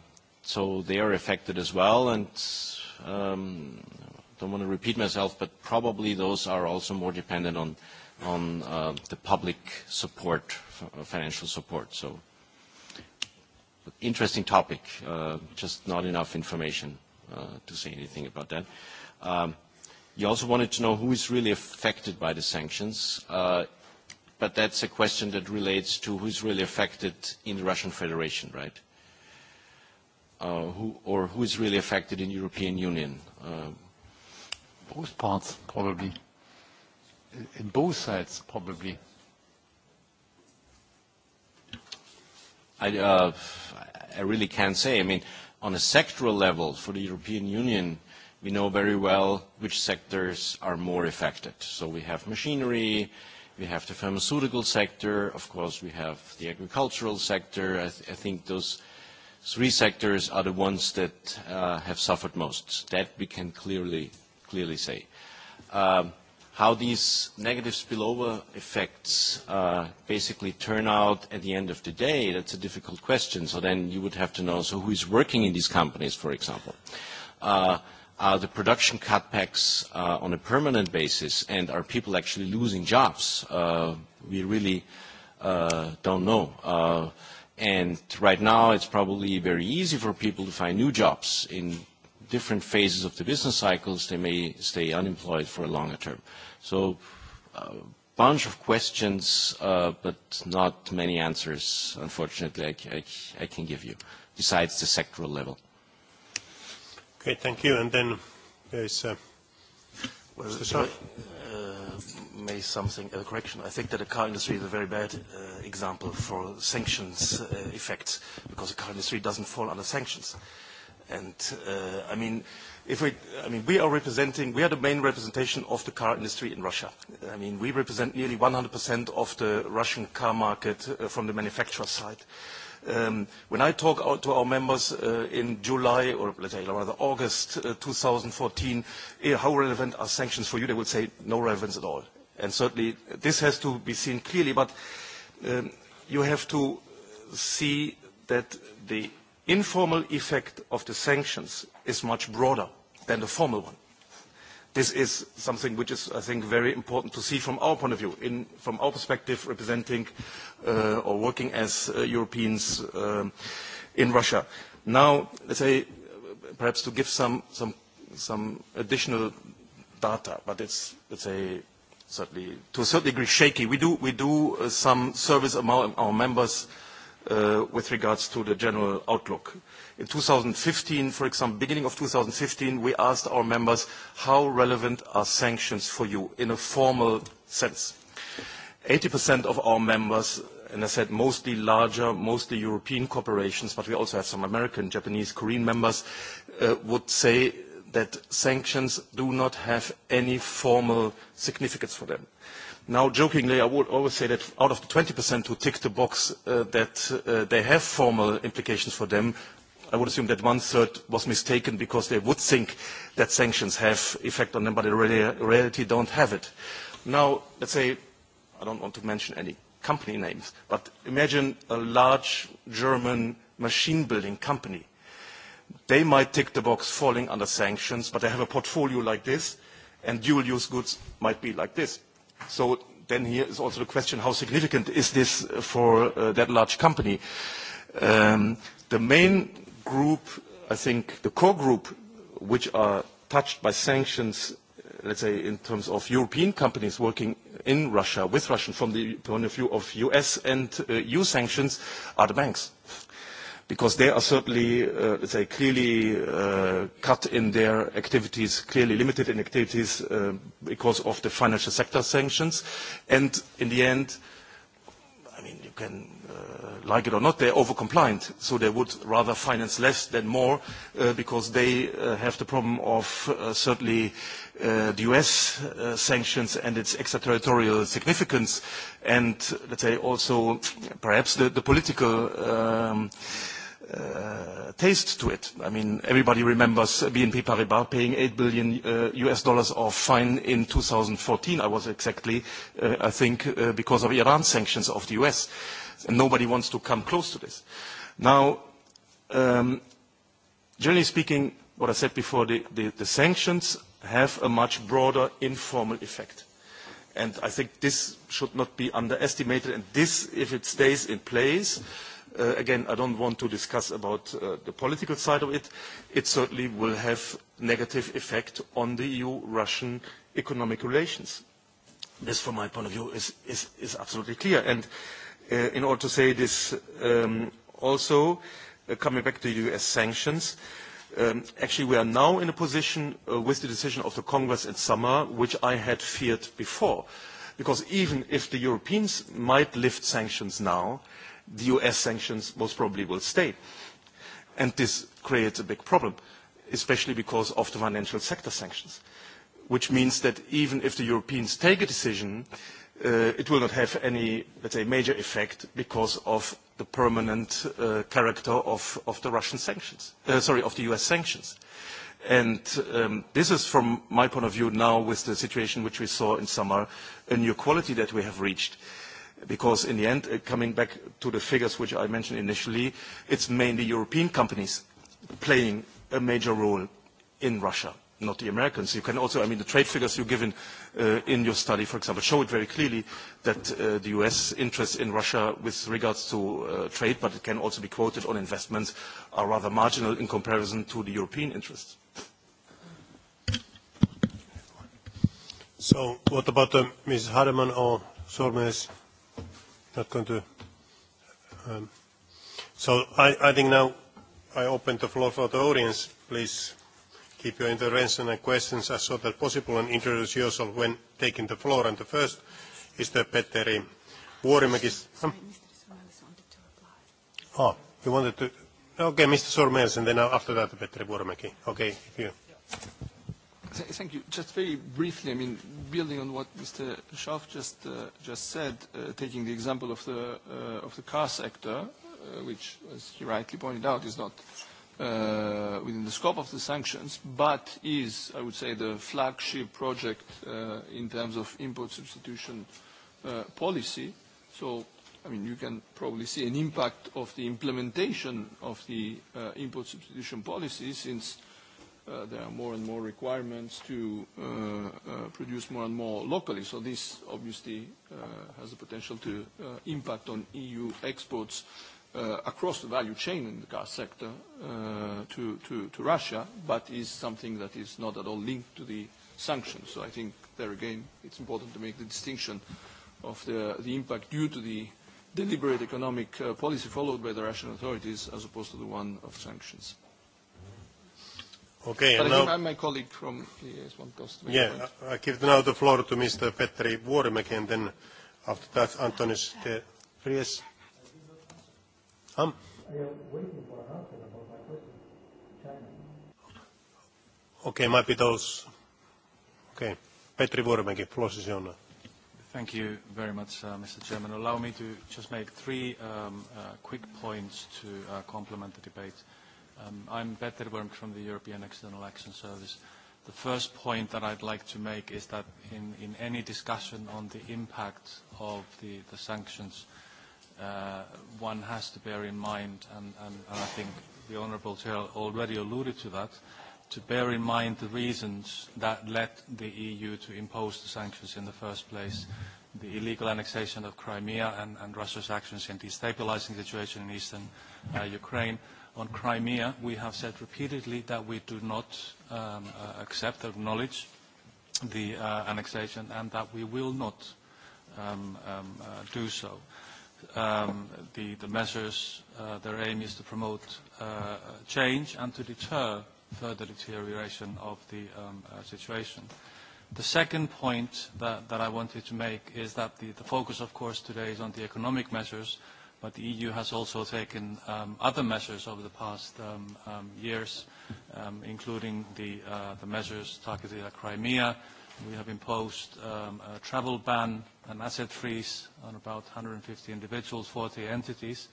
so they are affected as well. And um, don't want to repeat myself, but probably those are also more dependent on, on uh, the public support, financial support. So interesting topic, uh, just not enough information uh, to say anything about that. Um, you also wanted to know who is really affected by the sanctions, uh, but that's a question that relates to who is really affected in the Russian Federation, right? Uh, who, or who is really affected in European Union? Uh, both parts, probably. In both sides, probably. I, uh, I really can't say. I mean, on a sectoral level for the European Union, we know very well which sectors are more affected. So we have machinery, we have the pharmaceutical sector, of course we have the agricultural sector. I, th I think those three sectors are the ones that uh, have suffered most. That we can clearly, clearly say. Um, how these negative spillover effects uh, basically turn out at the end of the day, that's a difficult question. So then you would have to know, so who is working in these companies, for example? Uh, are the production cutbacks uh, on a permanent basis, and are people actually losing jobs? Uh, we really uh, don't know. Uh, and right now, it's probably very easy for people to find new jobs in different phases of the business cycles, they may stay unemployed for a longer term. So a uh, bunch of questions, uh, but not many answers, unfortunately, I, I, I can give you, besides the sectoral level. Okay, thank you. And then there is uh, well, Mr. Shah. Uh, may something, a uh, correction. I think that the car industry is a very bad uh, example for sanctions uh, effects because the car industry doesn't fall under sanctions. Uh, And uh, I mean, if we, I mean, we are representing, we are the main representation of the car industry in Russia. I mean, we represent nearly 100% of the Russian car market uh, from the manufacturer side. Um, when I talk out to our members uh, in July or let's say rather August uh, 2014, eh, how relevant are sanctions for you? They would say no relevance at all. And certainly this has to be seen clearly, but um, you have to see that the informal effect of the sanctions is much broader than the formal one. This is something which is, I think, very important to see from our point of view, in, from our perspective representing uh, or working as uh, Europeans um, in Russia. Now, let's say, perhaps to give some, some, some additional data, but it's, let's say, certainly, to a certain degree shaky. We do, we do uh, some service among our members uh, Uh, with regards to the general outlook. In 2015, for example, beginning of 2015, we asked our members, how relevant are sanctions for you in a formal sense? 80% of our members, and I said mostly larger, mostly European corporations, but we also have some American, Japanese, Korean members, uh, would say that sanctions do not have any formal significance for them. Now, jokingly, I would always say that out of the 20% who tick the box uh, that uh, they have formal implications for them, I would assume that one-third was mistaken because they would think that sanctions have effect on them, but in reality don't have it. Now, let's say, I don't want to mention any company names, but imagine a large German machine building company. They might tick the box falling under sanctions, but they have a portfolio like this, and dual-use goods might be like this So then here is also the question, how significant is this for uh, that large company? Um, the main group, I think, the core group, which are touched by sanctions, uh, let's say in terms of European companies working in Russia, with Russia, from the point of view of US and uh, EU sanctions, are the banks because they are certainly, uh, let's say, clearly uh, cut in their activities, clearly limited in activities uh, because of the financial sector sanctions. And in the end, I mean, you can uh, like it or not, they're overcompliant, so they would rather finance less than more uh, because they uh, have the problem of uh, certainly uh, the US uh, sanctions and its extraterritorial significance and, let's say, also perhaps the, the political um, uh, taste to it. I mean, everybody remembers BNP Paribas paying 8 billion uh, US dollars of fine in 2014, I was exactly, uh, I think, uh, because of Iran sanctions of the US. And nobody wants to come close to this. Now, um, generally speaking, what I said before, the, the, the sanctions have a much broader informal effect. And I think this should not be underestimated. And this, if it stays in place, mm -hmm Uh, again, I don't want to discuss about uh, the political side of it. It certainly will have negative effect on the EU-Russian economic relations. This, from my point of view, is, is, is absolutely clear. And uh, in order to say this um, also, uh, coming back to U.S. sanctions, um, actually we are now in a position uh, with the decision of the Congress in summer, which I had feared before. Because even if the Europeans might lift sanctions now, the US sanctions most probably will stay. And this creates a big problem, especially because of the financial sector sanctions, which means that even if the Europeans take a decision, uh, it will not have any, let's say, major effect because of the permanent uh, character of, of the Russian sanctions, uh, sorry, of the US sanctions. And um, this is, from my point of view now, with the situation which we saw in summer, a new quality that we have reached. Uh, because in the end, uh, coming back to the figures which I mentioned initially, it's mainly European companies playing a major role in Russia, not the Americans. You can also, I mean, the trade figures you given uh, in your study, for example, show it very clearly that uh, the U.S. interests in Russia with regards to uh, trade, but it can also be quoted on investments, are rather marginal in comparison to the European interests. So what about uh, Ms. Hardeman or Sormes? not going to. Um, so I, I think now I open the floor for the audience. Please keep your intervention and questions as short as possible and introduce yourself when taking the floor. And the first is the Petteri Vuorimäki. Um, oh, you wanted to. Okay, Mr. Sormels, and then after that, Petteri Vuorimäki. Okay, if you. Yeah. Thank you. Just very briefly, I mean, building on what Mr. Schaaf just uh, just said, uh, taking the example of the uh, of the car sector, uh, which, as he rightly pointed out, is not uh, within the scope of the sanctions, but is, I would say, the flagship project uh, in terms of import substitution uh, policy. So, I mean, you can probably see an impact of the implementation of the uh, import substitution policy since Uh, there are more and more requirements to uh, uh, produce more and more locally. So this obviously uh, has the potential to uh, impact on EU exports uh, across the value chain in the car sector uh, to, to, to Russia, but is something that is not at all linked to the sanctions. So I think there again it's important to make the distinction of the, the impact due to the deliberate economic uh, policy followed by the Russian authorities as opposed to the one of sanctions. Okay, but and now, my colleague from the one cost. Yeah, I give now the floor to Mr. Petri Vuorimäki, and then after that, Antonis de Vries. Um. Okay, might be those. Okay, Petri Vuorimäki, floor is yours. Thank you very much, uh, Mr. Chairman. Allow me to just make three um, uh, quick points to uh, complement the debate. Uh, Um, I'm Peter Worm from the European External Action Service. The first point that I'd like to make is that in, in any discussion on the impact of the, the sanctions, uh, one has to bear in mind, and, and, and I think the Honourable Chair already alluded to that, to bear in mind the reasons that led the EU to impose the sanctions in the first place, the illegal annexation of Crimea and, and Russia's actions in destabilizing the situation in eastern uh, Ukraine, on Crimea, we have said repeatedly that we do not um, uh, accept or acknowledge the uh, annexation and that we will not um, um, uh, do so. Um, the, the measures, uh, their aim is to promote uh, change and to deter further deterioration of the um, uh, situation. The second point that, that I wanted to make is that the, the focus, of course, today is on the economic measures, But the EU has also taken um, other measures over the past um, um, years, um, including the, uh, the measures targeted at Crimea. We have imposed um, a travel ban and asset freeze on about 150 individuals, 40 entities.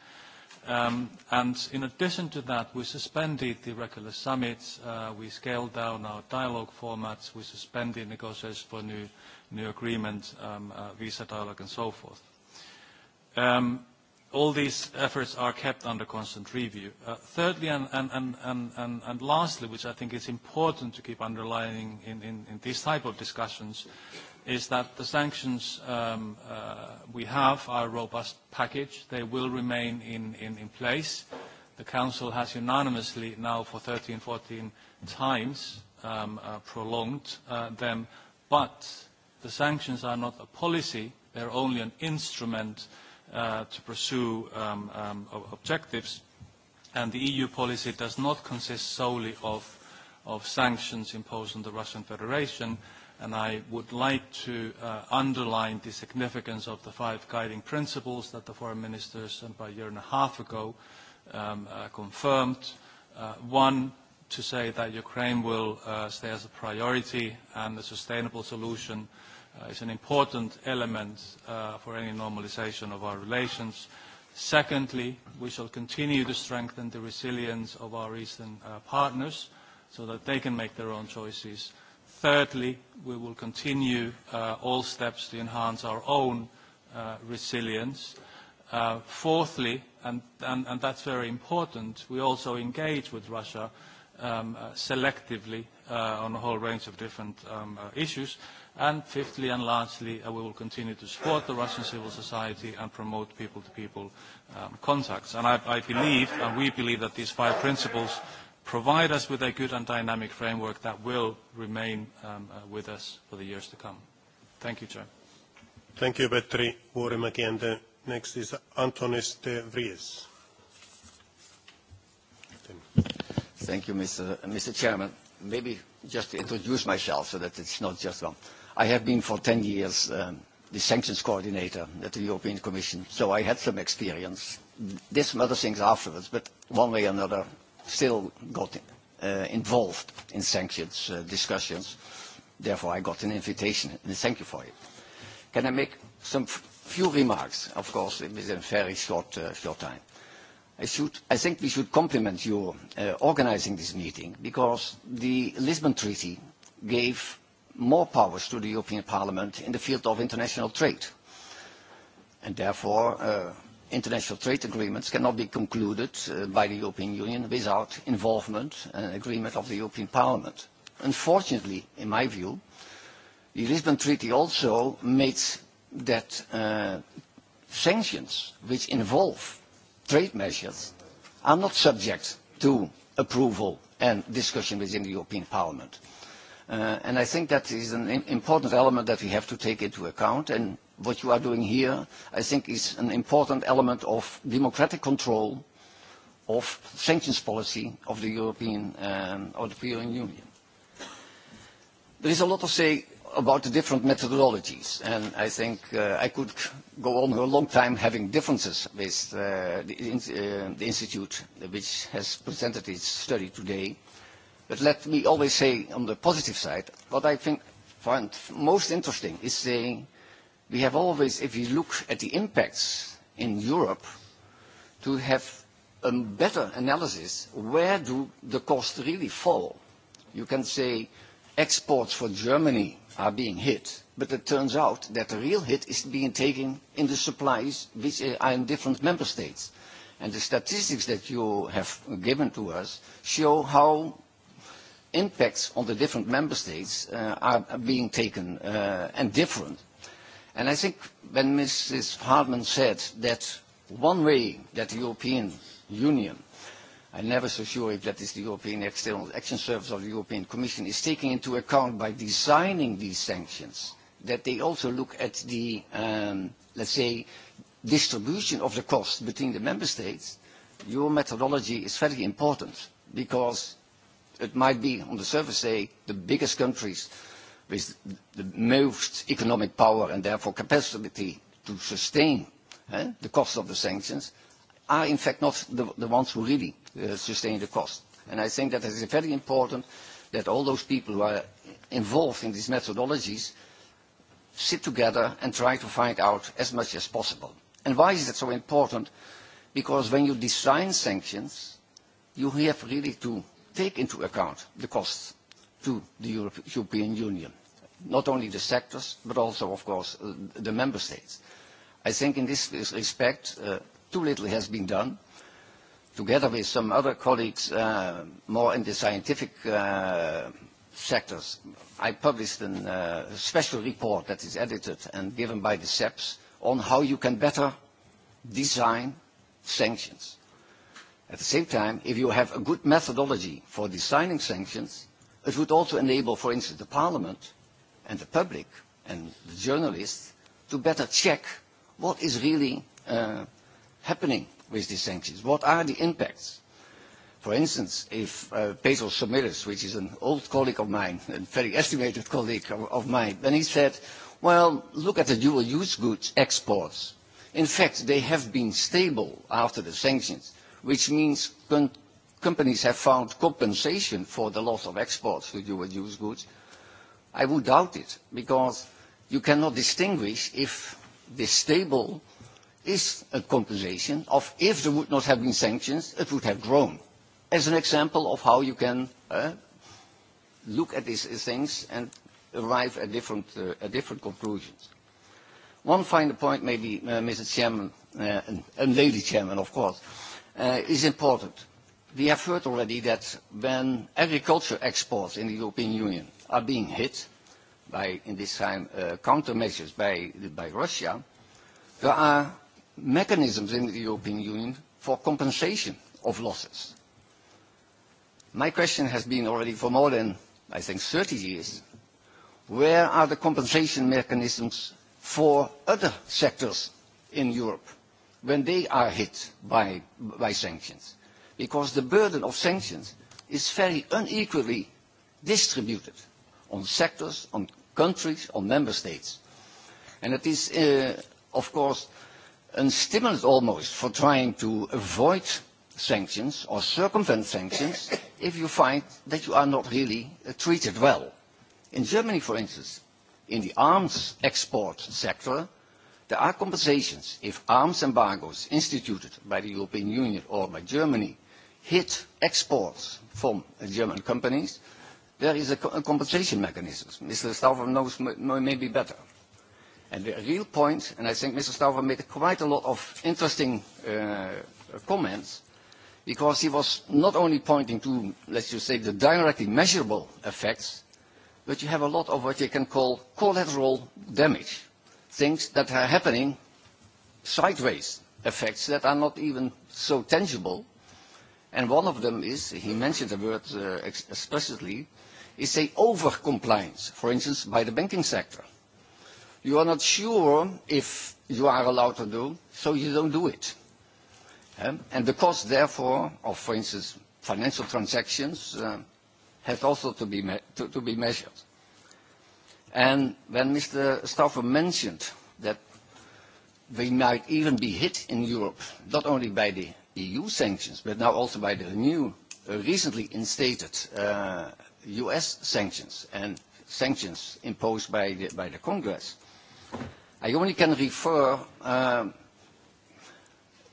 Um, and in addition to that, we suspended the regular summits, uh, we scaled down our dialogue formats, we suspended negotiations for new, new agreement, um, uh, visa dialogue and so forth. Um, all these efforts are kept under constant review. Uh, thirdly, and, and, and, and, and lastly, which I think is important to keep underlining in, in, in these type of discussions, is that the sanctions um, uh, we have are a robust package. They will remain in, in, in place. The Council has unanimously now for 13, 14 times um, uh, prolonged uh, them, but the sanctions are not a policy. They're only an instrument uh, uh, to pursue um, um, objectives. And the EU policy does not consist solely of, of sanctions imposed on the Russian Federation. And I would like to uh, underline the significance of the five guiding principles that the foreign ministers about a year and a half ago um, uh, confirmed. Uh, one, to say that Ukraine will uh, stay as a priority and a sustainable solution uh, uh, is an important element uh, for any normalization of our relations. Secondly, we shall continue to strengthen the resilience of our eastern uh, partners so that they can make their own choices. Thirdly, we will continue uh, all steps to enhance our own uh, resilience. Uh, fourthly, and, and, and that's very important, we also engage with Russia um, uh, selectively uh, on a whole range of different um, uh, issues. And fifthly and lastly, uh, we will continue to support the Russian civil society and promote people-to-people -people, um, contacts. And I, I believe, and we believe, that these five principles provide us with a good and dynamic framework that will remain um, uh, with us for the years to come. Thank you, Chair. Thank you, Petri Vuorimäki. And the next is Antonis de Vries. Thank you, Mr. Uh, Mr. Chairman. Maybe just to introduce myself so that it's not just one. Uh, I have been for 10 years um, the sanctions coordinator at the European Commission, so I had some experience. Did some other things afterwards, but one way or another, still got uh, involved in sanctions uh, discussions. Therefore, I got an invitation, and thank you for it. Can I make some few remarks, of course, within a very short, uh, short time? I, should, I think we should compliment you uh, organizing this meeting, because the Lisbon Treaty gave more powers to the European Parliament in the field of international trade. And therefore, uh, international trade agreements cannot be concluded uh, by the European Union without involvement and agreement of the European Parliament. Unfortunately, in my view, the Lisbon Treaty also made that uh, sanctions which involve trade measures are not subject to approval and discussion within the European Parliament. Uh, I think that is an important element that we have to take into account. And what you are doing here, I think, is an important element of democratic control of sanctions policy of the European, um, of the European Union. There is a lot to say about the different methodologies, and I think uh, I could go on for a long time having differences with uh, the, uh, the Institute which has presented its study today. But let me always say on the positive side, what I think find most interesting is saying we have always, if you look at the impacts in Europe, to have a better analysis where do the costs really fall. You can say exports for Germany are being hit, but it turns out that the real hit is being taken in the supplies which are in different member states. And the statistics that you have given to us show how impacts on the different member states uh, are being taken uh, and different. And I think when Mrs. Hartman said that one way that the European Union, I'm never so sure if that is the European External Action Service or the European Commission, is taking into account by designing these sanctions, that they also look at the, um, let's say, distribution of the cost between the member states, your methodology is very important because it might be, on the surface, say, the biggest countries with the most economic power and therefore capacity to sustain eh, the cost of the sanctions are in fact not the, the ones who really uh, sustain the cost. And I think that it is very important that all those people who are involved in these methodologies sit together and try to find out as much as possible. And why is that so important? Because when you design sanctions, you have really to take into account the costs to the Europe, European Union, not only the sectors, but also, of course, uh, the member states. I think in this respect, uh, too little has been done. Together with some other colleagues uh, more in the scientific uh, sectors, I published a uh, special report that is edited and given by the SEPs on how you can better design sanctions At the same time, if you have a good methodology for designing sanctions, it would also enable, for instance, the parliament and the public and the journalists to better check what is really uh, happening with these sanctions. What are the impacts? For instance, if uh, Petros Samiris, which is an old colleague of mine, a very estimated colleague of, of mine, and he said, well, look at the dual-use goods exports. In fact, they have been stable after the sanctions which means companies have found compensation for the loss of exports to dual-use goods, I would doubt it, because you cannot distinguish if this table is a compensation of if there would not have been sanctions, it would have grown. As an example of how you can uh, look at these things and arrive at different, uh, at different conclusions. One final point, maybe, uh, Mr. Chairman, uh, and, and Lady Chairman, of course uh, is important. We have heard already that when agriculture exports in the European Union are being hit by, in this time, uh, countermeasures by, by Russia, there are mechanisms in the European Union for compensation of losses. My question has been already for more than, I think, 30 years, where are the compensation mechanisms for other sectors in Europe? when they are hit by, by sanctions. Because the burden of sanctions is very unequally distributed on sectors, on countries, on member states. And it is, uh, of course, a stimulus almost for trying to avoid sanctions or circumvent sanctions if you find that you are not really uh, treated well. In Germany, for instance, in the arms export sector, There are compensations if arms embargoes instituted by the European Union or by Germany hit exports from German companies. There is a, co a compensation mechanism. Mr. Stauffer knows maybe better. And the real point, and I think Mr. Stauffer made quite a lot of interesting uh, comments, because he was not only pointing to, let's just say, the directly measurable effects, but you have a lot of what you can call collateral damage things that are happening sideways, effects that are not even so tangible. And one of them is, he mentioned the word uh, explicitly, is a over-compliance. for instance, by the banking sector. You are not sure if you are allowed to do, so you don't do it. Um, and the cost, therefore, of, for instance, financial transactions uh, has also to be, to, to be measured. And when Mr. Stauffer mentioned that we might even be hit in Europe, not only by the EU sanctions, but now also by the new, uh, recently instated uh, US sanctions and sanctions imposed by the, by the Congress, I only can refer um,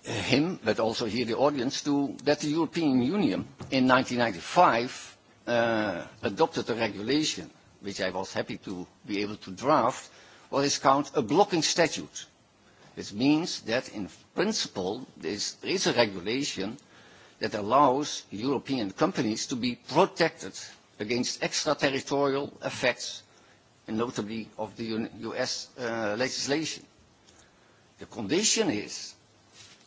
him, but also here the audience, to that the European Union in 1995 uh, adopted a regulation – which I was happy to be able to draft, what is called a blocking statute. This means that in principle there is, a regulation that allows European companies to be protected against extraterritorial effects, and notably of the US uh, legislation. The condition is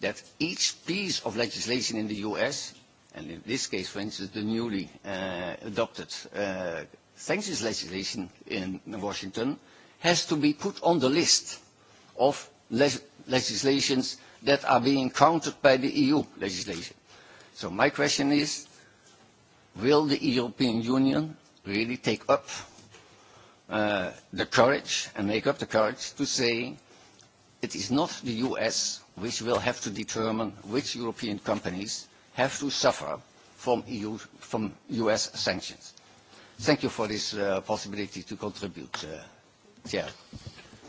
that each piece of legislation in the US, and in this case, for instance, the newly uh, adopted uh, sanctions legislation in Washington has to be put on the list of le legislations that are being countered by the EU legislation. So my question is, will the European Union really take up uh, the courage and make up the courage to say it is not the US which will have to determine which European companies have to suffer from, EU, from US sanctions? thank you for this uh, possibility to contribute, uh, Chair.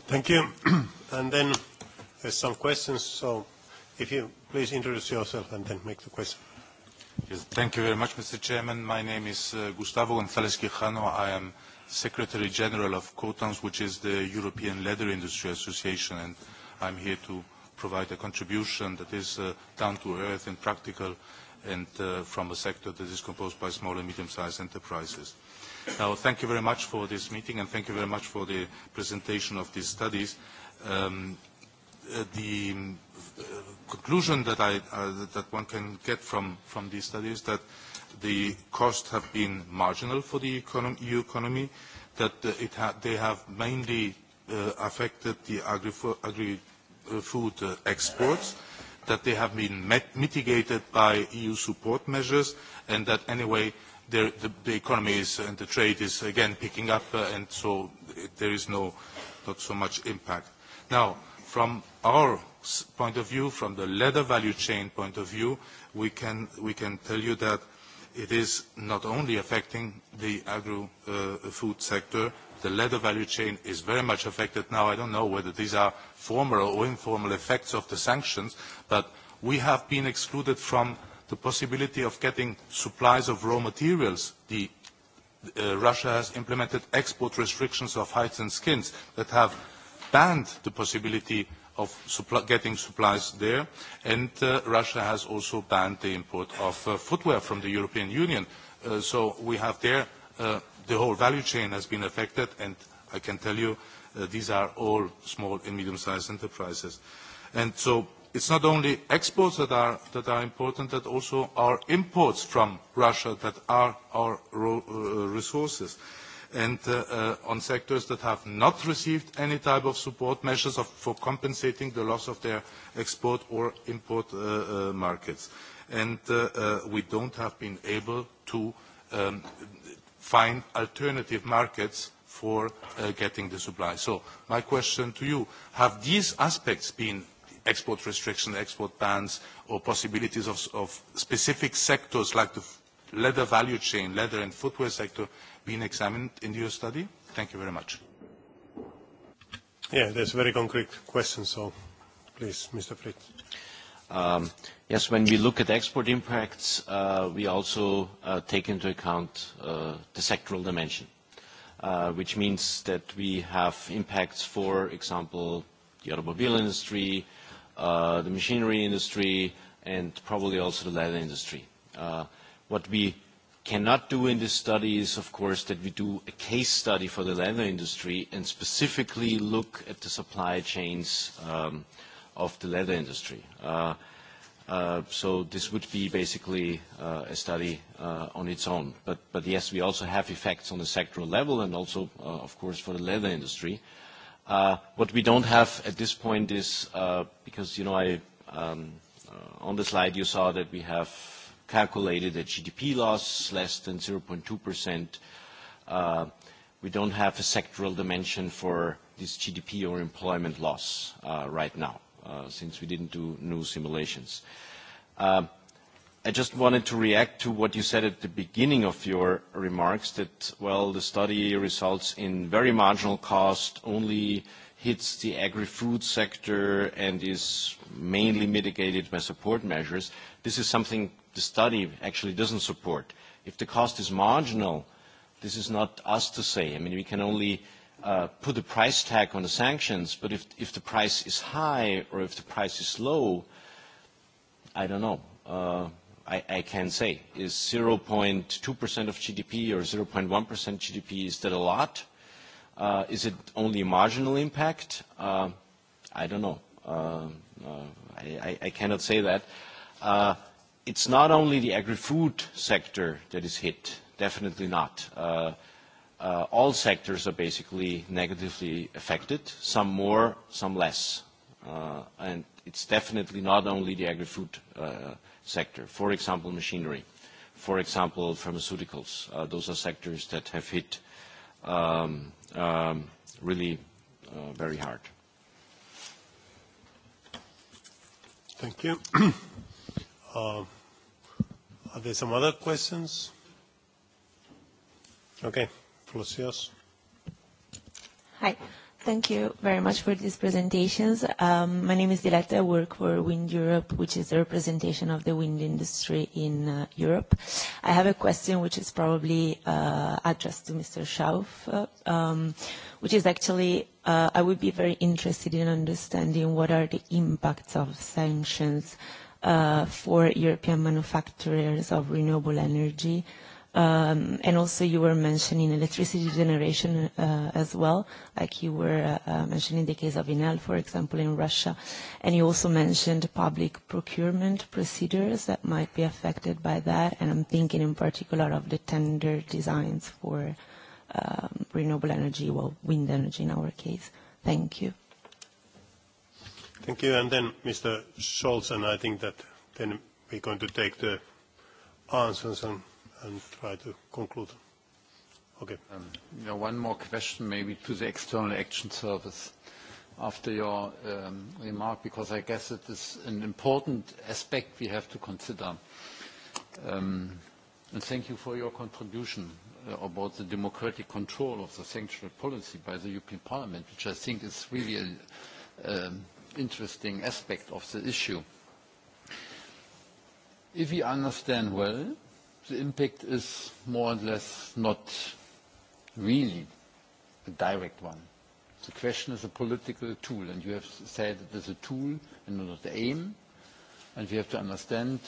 Thank you. and then there's some questions, so if you please introduce yourself and then make the question. Yes, thank you very much, Mr. Chairman. My name is uh, Gustavo González Quijano. I am Secretary General of COTANS, which is the European Leather Industry Association, and I'm here to provide a contribution that is uh, down to earth and practical and uh, from a sector that is composed by small and medium-sized enterprises. Uh, Now, thank you very much for this meeting and thank you very much for the presentation of these studies. Um, uh, the um, uh, conclusion that, I, uh, that one can get from, from these studies that the costs have been marginal for the econom EU economy, that uh, it ha they have mainly uh, affected the agri-food agri uh, uh, exports, that they have been met mitigated by EU support measures, and that anyway the, the economy is, and the trade is again picking up, uh, and so there is no, not so much impact. Now, from our point of view, from the leather value chain point of view, we can, we can tell you that it is not only affecting the agro-food uh, sector, the leather value chain is very much affected now. I don't know whether these are formal or informal effects of the sanctions, but we have been excluded from the possibility of getting supplies of raw materials. The, uh, Russia has implemented export restrictions of hides and skins that have banned the possibility of supply, getting supplies there. And uh, Russia has also banned the import of uh, footwear from the European Union. Uh, so we have there uh, the whole value chain has been affected, and I can tell you uh, these are all small and medium-sized enterprises. And so it's not only exports that are, that are important, but also our imports from Russia that are our uh, resources. And uh, uh, on sectors that have not received any type of support measures of, for compensating the loss of their export or import uh, uh markets. And uh, we don't have been able to um, find alternative markets for getting the supply. So my question to you, have these aspects been export restrictions, export bans, or possibilities of, of specific sectors like the leather value chain, leather and footwear sector, being examined in your study? Thank you very much. Yeah, that's a very concrete question, so please, Mr. Fritz. Um, yes, when we look at export impacts, uh, we also uh, take into account uh, the sectoral dimension, uh, which means that we have impacts, for example, the automobile industry, Uh, the machinery industry, and probably also the leather industry. Uh, what we cannot do in this study is, of course, that we do a case study for the leather industry and specifically look at the supply chains um, of the leather industry. Uh, uh, so this would be basically uh, a study uh, on its own. But, but yes, we also have effects on the sectoral level and also, uh, of course, for the leather industry. Uh, Uh, what we don't have at this point is, uh, because, you know, I, um, uh, on the slide you saw that we have calculated a GDP loss less than 0.2%. Uh, we don't have a sectoral dimension for this GDP or employment loss uh, right now, uh, since we didn't do new simulations. Uh, I just wanted to react to what you said at the beginning of your remarks that, well, the study results in very marginal cost, only hits the agri-food sector and is mainly mitigated by support measures. This is something the study actually doesn't support. If the cost is marginal, this is not us to say. I mean, we can only uh, put a price tag on the sanctions, but if, if the price is high or if the price is low, I don't know. Uh, I, I can say. Is 0.2% of GDP or 0.1% GDP, is that a lot? Uh, is it only a marginal impact? Uh, I don't know. Uh, uh I, I cannot say that. Uh, it's not only the agri-food sector that is hit, definitely not. Uh, all sectors are basically negatively affected, some more, some less. And it's definitely not only the agri-food sector. For example, machinery. For example, pharmaceuticals. Uh, those are sectors that have hit um, um, really uh, very hard. Thank you. uh, are there some other questions? Okay. Floor Hi. Thank you very much for these presentations. Um, my name is Diletta. I work for Wind Europe, which is the representation of the wind industry in uh, Europe. I have a question which is probably uh, addressed to Mr. Schauf, uh, um, which is actually, I would be very interested in understanding what are the impacts of sanctions for European manufacturers of renewable energy Um, and also you were mentioning electricity generation uh, as well, like you were uh, uh, mentioning the case of Enel, for example, in Russia. And you also mentioned public procurement procedures that might be affected by that. And I'm thinking in particular of the tender designs for um, renewable energy, well, wind energy in our case. Thank you. Thank you. And then Mr. Scholz, and I think that then we're going to take the answers and and try to conclude. Okay. Um, you know, one more question maybe to the External Action Service after your um, remark, because I guess it is an important aspect we have to consider. Um, and thank you for your contribution uh, about the democratic control of the sanctuary policy by the European Parliament, which I think is really an um, interesting aspect of the issue. If we understand well, the impact is more or less not really a direct one. The question is a political tool, and you have said it is a tool and not the aim. And we have to understand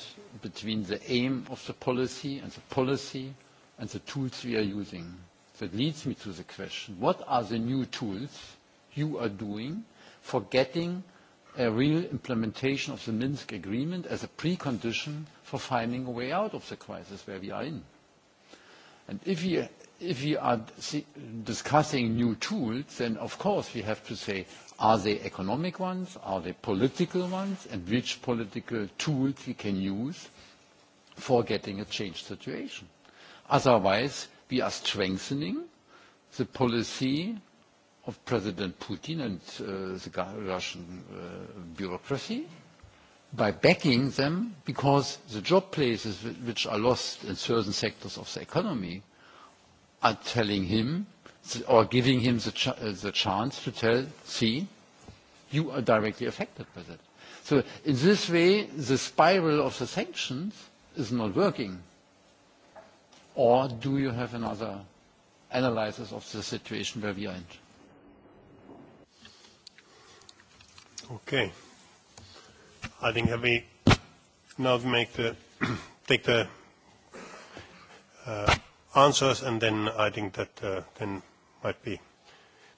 between the aim of the policy and the policy and the tools we are using. That leads me to the question, what are the new tools you are doing for getting a real implementation of the Minsk Agreement as a precondition for finding a way out of the crisis where we are in. And if we, if we are discussing new tools, then of course we have to say, are they economic ones? Are they political ones? And which political tools we can use for getting a changed situation? Otherwise, we are strengthening the policy of President Putin and uh, the Russian uh, bureaucracy, by backing them because the job places which are lost in certain sectors of the economy are telling him or giving him the, ch uh, the chance to tell, see, you are directly affected by that. So in this way, the spiral of the sanctions is not working. Or do you have another analysis of the situation where we are in? Okay. I think have we now make the take the uh, answers, and then I think that uh, then might be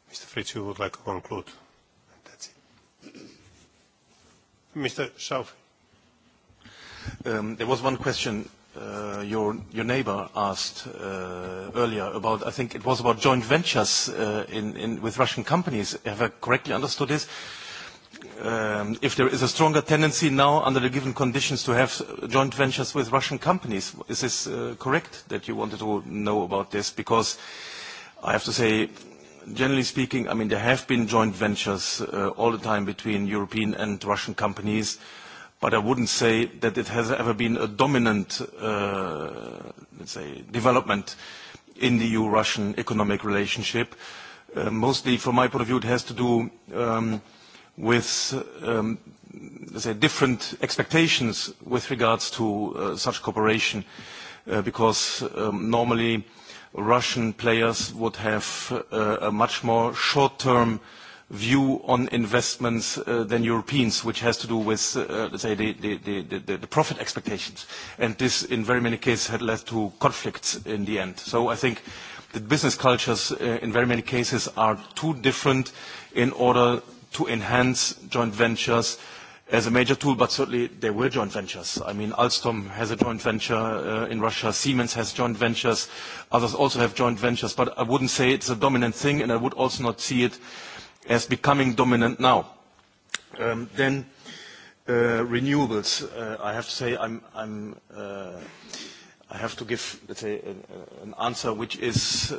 Mr. Fritz, you would like to conclude. That's it. Mr. Schauf. Um, there was one question uh, your your neighbor asked uh, earlier about. I think it was about joint ventures uh, in, in with Russian companies. Have I correctly understood this? Uh, um, if there is a stronger tendency now under the given conditions to have joint ventures with Russian companies. Is this uh, correct that you wanted to know about this? Because I have to say, generally speaking, I mean, there have been joint ventures uh, all the time between European and Russian companies, but I wouldn't say that it has ever been a dominant, uh, let's say, development in the EU-Russian economic relationship. Uh, mostly, from my point of view, it has to do um, – with um, let's say different expectations with regards to uh, such cooperation uh, because um, normally Russian players would have uh, a much more short-term view on investments uh, than Europeans, which has to do with, uh, let's say, the, the, the, the, the profit expectations. And this, in very many cases, had led to conflicts in the end. So I think the business cultures, uh, in very many cases, are too different in order to enhance joint ventures as a major tool, but certainly there were joint ventures. I mean, Alstom has a joint venture uh, in Russia, Siemens has joint ventures, others also have joint ventures, but I wouldn't say it's a dominant thing, and I would also not see it as becoming dominant now. Um, then uh, renewables, uh, I have to say I'm, I have to give, let's say, an, answer which is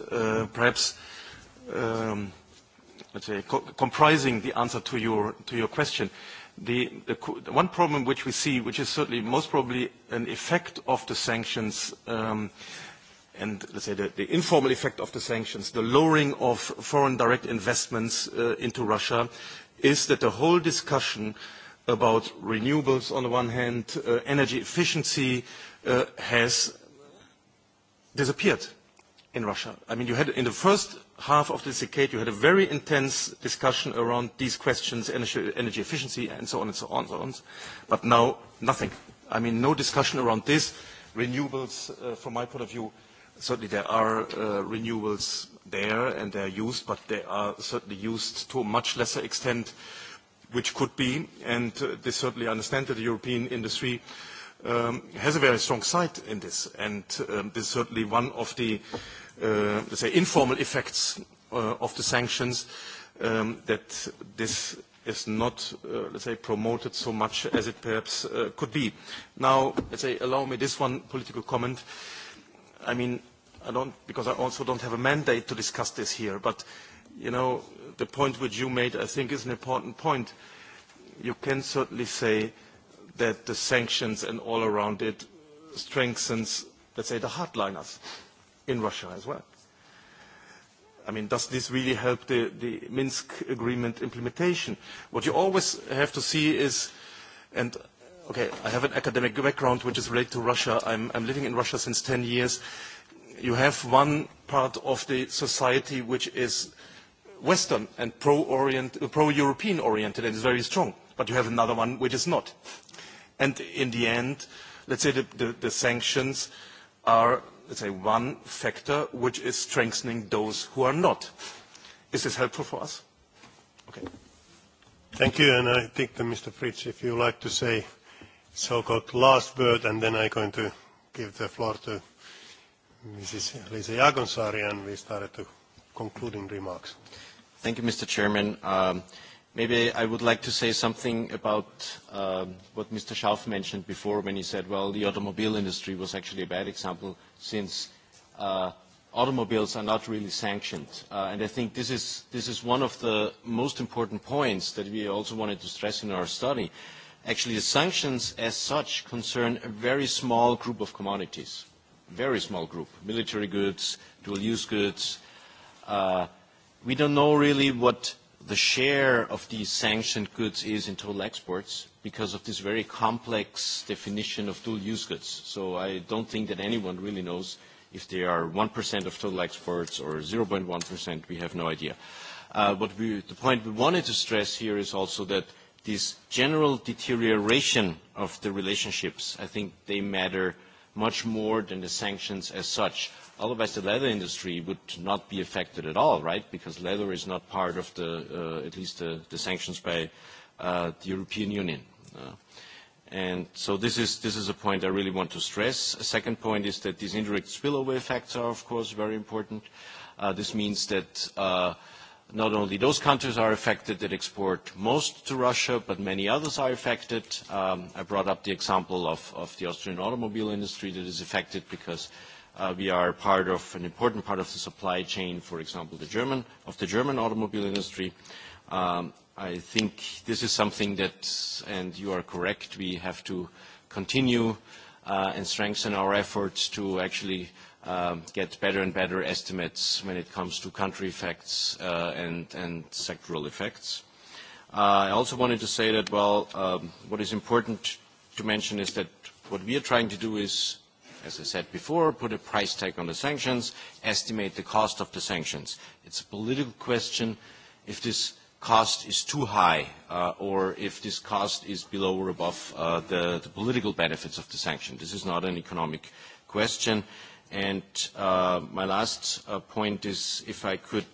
perhaps um, let's say, co comprising the answer to your, to your question. The, the one problem which we see, which is certainly most probably an effect of the sanctions, um, and let's say the, the informal effect of the sanctions, the lowering of foreign direct investments uh, into Russia, is that the whole discussion about renewables on the one hand, uh, energy efficiency uh, has disappeared in Russia. I mean, you had in the first half of this decade, you had a very intense discussion around these questions, energy, energy efficiency, and so on and so on and so on. But now, nothing. I mean, no discussion around this. Renewables, uh, from my point of view, certainly there are uh, renewables there and they are used, but they are certainly used to a much lesser extent, which could be, and uh, they certainly understand that the European industry um, has a very strong side in this, and um, this is certainly one of the uh, uh, let's say, informal effects uh, of the sanctions, um, that this is not, uh, let's say, promoted so much as it perhaps uh, could be. Now, let's say, allow me this one political comment. I mean, I don't, because I also don't have a mandate to discuss this here, but, you know, the point which you made, I think, is an important point. You can certainly say that the sanctions and all around it strengthens, let's say, the hardliners in Russia as well. I mean, does this really help the, the Minsk agreement implementation? What you always have to see is, and okay, I have an academic background which is related to Russia. I'm, I'm living in Russia since 10 years. You have one part of the society which is Western and pro-European pro oriented and is very strong, but you have another one which is not. And in the end, let's say the, the, the sanctions are let's say, one factor which is strengthening those who are not. Is this helpful for us? Okay. Thank you, and I think that Mr. Fritz, if you like to say so-called last word, and then I'm going to give the floor to Mrs. Lisa Jagonsari, and we started to concluding remarks. Thank you, Mr. Chairman. Um, maybe I would like to say something about um, what Mr. Schauf mentioned before when he said, well, the automobile industry was actually a bad example since uh, automobiles are not really sanctioned. Uh, and I think this is, this is one of the most important points that we also wanted to stress in our study. Actually, the sanctions as such concern a very small group of commodities, very small group, military goods, dual-use goods. Uh, we don't know really what the share of these sanctioned goods is in total exports, because of this very complex definition of dual-use goods. So I don't think that anyone really knows if they are 1% of total exports or 0.1%, we have no idea. Uh, but we, the point we wanted to stress here is also that this general deterioration of the relationships, I think they matter much more than the sanctions as such. Otherwise, the leather industry would not be affected at all, right? Because leather is not part of the, uh, at least the, the sanctions by uh, the European Union. Uh, and so this is, this is a point I really want to stress. A second point is that these indirect spillover effects are, of course, very important. Uh, this means that uh, not only those countries are affected that export most to Russia, but many others are affected. Um, I brought up the example of, of the Austrian automobile industry that is affected because uh, we are part of an important part of the supply chain, for example, the German, of the German automobile industry. Um, I think this is something that, and you are correct, we have to continue uh, and strengthen our efforts to actually uh, get better and better estimates when it comes to country effects uh, and, and sectoral effects. Uh, I also wanted to say that, well, um, what is important to mention is that what we are trying to do is, as I said before, put a price tag on the sanctions, estimate the cost of the sanctions. It's a political question if this cost is too high uh, or if this cost is below or above uh, the, the political benefits of the sanction. This is not an economic question. And uh, my last uh, point is if I could,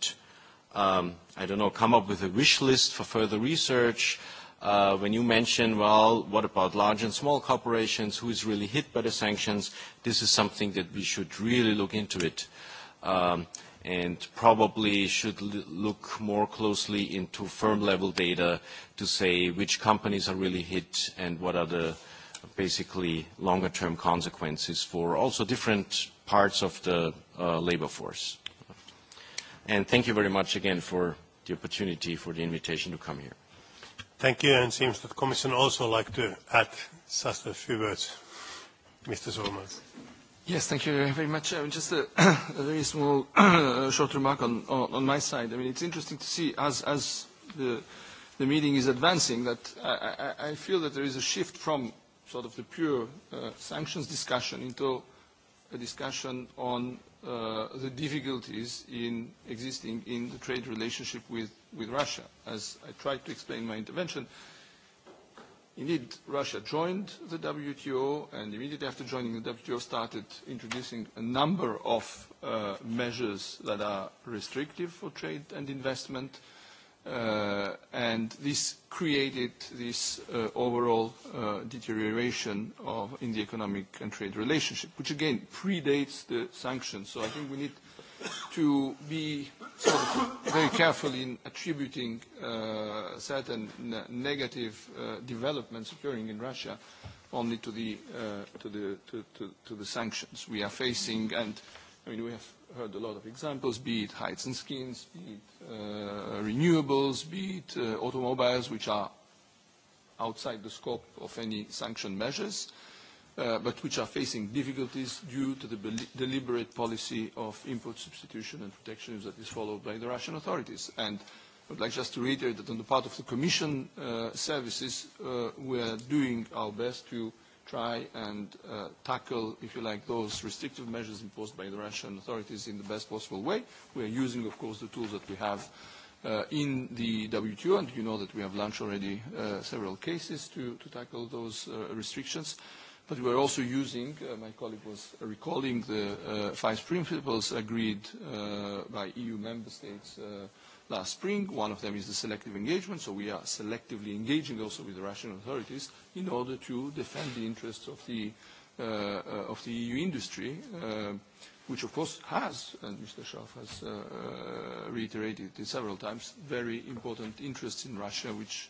um, I don't know, come up with a wish list for further research. Uh, when you mention, well, what about large and small corporations? Who is really hit by the sanctions? This is something that we should really look into it. Um, and probably should look more closely into firm-level data to say which companies are really hit and what are the basically longer-term consequences for also different parts of the uh, labor force. And thank you very much again for the opportunity, for the invitation to come here. Thank you, and it seems that the Commission also like to add just a few words. Mr. Solomons. Yes, thank you very much. I um, mean, just a, a very small uh, short remark on, on, on my side. I mean, it's interesting to see as, as the, the meeting is advancing that I, I, I feel that there is a shift from sort of the pure uh, sanctions discussion into a discussion on uh, the difficulties in existing in the trade relationship with, with Russia. As I tried to explain in my intervention, uh, Indeed, Russia joined the WTO and immediately after joining the WTO started introducing a number of uh, measures that are restrictive for trade and investment. Uh, and this created this uh, overall uh, deterioration of, in the economic and trade relationship, which again predates the sanctions. So I think we need to be sort of very carefully in attributing uh, certain negative uh, developments occurring in Russia only to the, uh, to, the, to, to, to the sanctions we are facing. And I mean, we have heard a lot of examples, be it heights and skins, be it uh, renewables, be it uh, automobiles, which are outside the scope of any sanction measures. Uh, Uh, but which are facing difficulties due to the deliberate policy of import substitution and protectionism that is followed by the Russian authorities. And I would like just to reiterate that on the part of the Commission uh, services, uh, we are doing our best to try and uh, tackle, if you like, those restrictive measures imposed by the Russian authorities in the best possible way. We are using, of course, the tools that we have uh, in the WTO, and you know that we have launched already uh, several cases to, to tackle those uh, restrictions. Uh, But we're also using, uh, my colleague was recalling the uh, five principles agreed uh, by EU member states uh, last spring. One of them is the selective engagement, so we are selectively engaging also with the Russian authorities in order to defend the interests of the, uh, uh, of the EU industry, uh, which of course has, and Mr. Schaaf has uh, uh, reiterated it several times, very important interests in Russia, which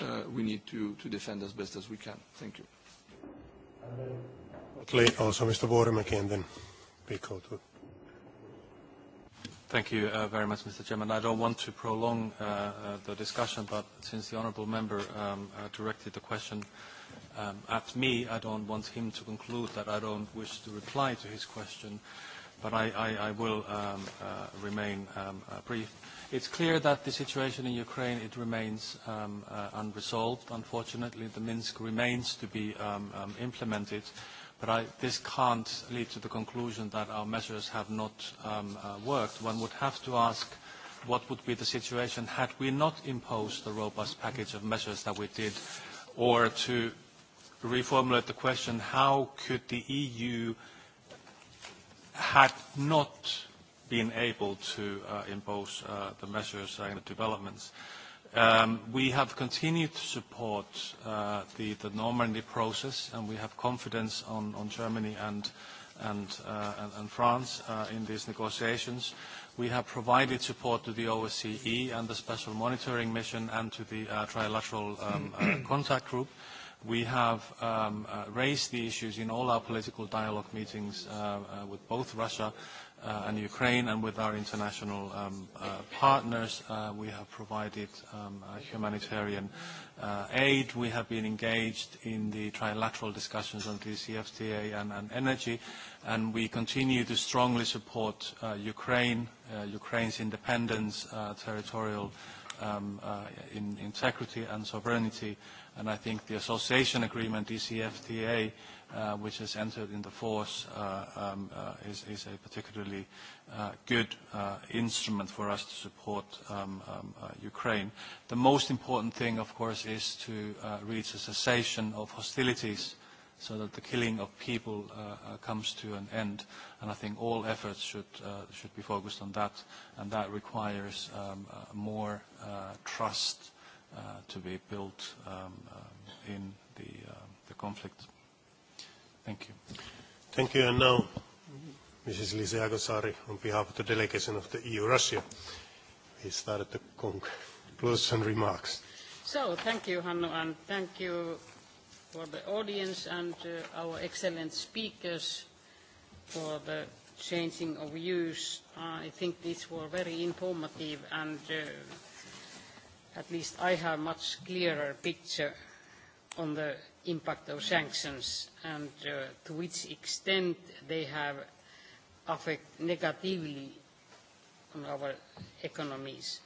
uh, we need to, to defend as best as we can. Thank you. Also, Mr. Boremek, and then Pico too. Thank you uh, very much, Mr. Chairman. I don't want to prolong uh, uh, the discussion, but since the honourable member um, uh, directed the question um, at me, I don't want him to conclude that I don't wish to reply to his question but I, I, I will um, uh, remain um, uh, brief. It's clear that the situation in Ukraine, it remains um, uh, unresolved. Unfortunately, the Minsk remains to be um, um, implemented, but I, this can't lead to the conclusion that our measures have not um, uh, worked. One would have to ask what would be the situation had we not imposed the robust package of measures that we did, or to reformulate the question, how could the EU had not been able to uh, impose uh, the measures and the developments. Um, we have continued to support uh, the, the Normandy process, and we have confidence on, on Germany and, and, uh, and, and France uh, in these negotiations. We have provided support to the OSCE and the Special Monitoring Mission and to the uh, Trilateral um, uh, Contact Group. We have um, uh, raised the issues in all our political dialogue meetings uh, uh, with both Russia uh, and Ukraine and with our international um, uh, partners. Uh, we have provided um, uh, humanitarian uh, aid. We have been engaged in the trilateral discussions on DCFTA and, and energy, and we continue to strongly support uh, Ukraine, uh, Ukraine's independence, uh, territorial um, uh, in integrity and sovereignty, And I think the association agreement, DCFTA, uh, which has entered into force, uh, um, uh, is, is a particularly uh, good uh, instrument for us to support um, um, uh, Ukraine. The most important thing, of course, is to uh, reach a cessation of hostilities so that the killing of people uh, uh, comes to an end. And I think all efforts should, uh, should be focused on that, and that requires um, uh, more uh, trust Uh, to be built um, uh, in the, uh, the conflict. Thank you. Thank you. And now, Mrs. Lise Agosari, on behalf of the delegation of the EU-Russia, we started the conclusion remarks. So, thank you, Hannu, and thank you for the audience and uh, our excellent speakers for the changing of views. Uh, I think these were very informative and uh, at least I have a much clearer picture on the impact of sanctions and uh, to which extent they have affect negatively on our economies.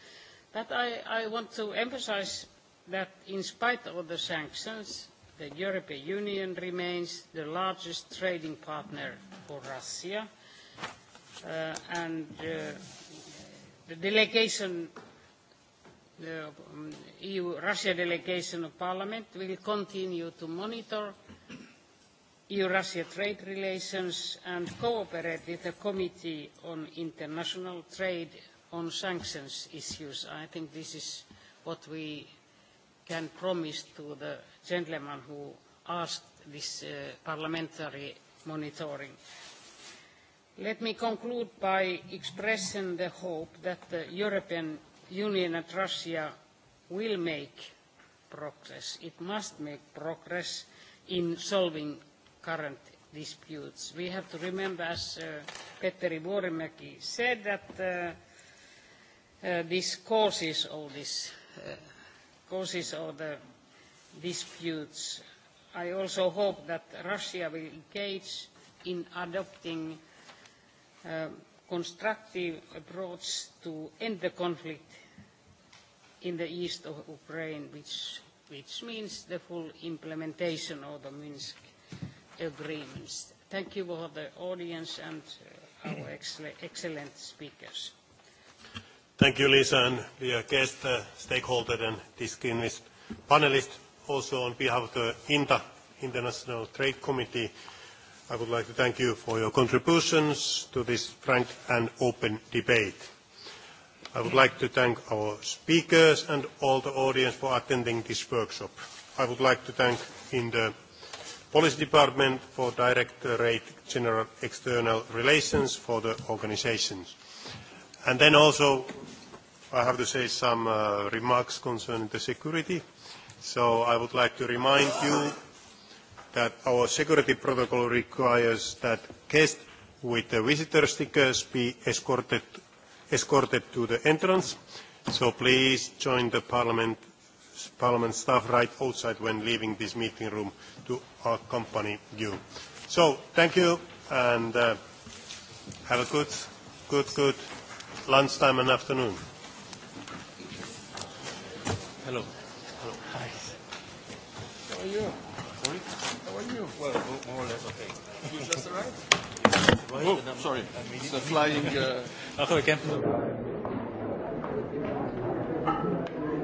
But I, I want to emphasize that in spite of the sanctions, the European Union remains the largest trading partner for Russia, uh, and uh, the delegation The um, EU-Russia delegation of Parliament will continue to monitor EU-Russia trade relations and cooperate with the Committee on International Trade on sanctions issues. I think this is what we can promise to the gentleman who asked this uh, parliamentary monitoring. Let me conclude by expressing the hope that the European Union and Russia will make progress. It must make progress in solving current disputes. We have to remember, as uh, Petteri Vuorimäki said, that uh, uh, this causes all this, uh, causes all the disputes. I also hope that Russia will engage in adopting uh, constructive approach to end the conflict in the east of Ukraine, which, which means the full implementation of the Minsk agreements. Thank you for the audience and uh, our excell excellent speakers. Thank you, Lisa, and dear guest, uh, stakeholder, and distinguished panelist. Also on behalf of the INTA, International Trade Committee, I would like to thank you for your contributions to this frank and open debate. I would like to thank our speakers and all the audience for attending this workshop. I would like to thank in the Policy Department for Directorate General External Relations for the organizations. And then also, I have to say some uh, remarks concerning the security. So I would like to remind you that our security protocol requires that guests with the visitor stickers be escorted, escorted to the entrance. So please join the parliament, parliament staff right outside when leaving this meeting room to accompany you. So thank you and uh, have a good, good, good lunchtime and afternoon. Hello. Hello. Hi. How are you? Well, more or less okay. You just arrived? Oh, sorry. It's a flying... Uh... Ach, ik heb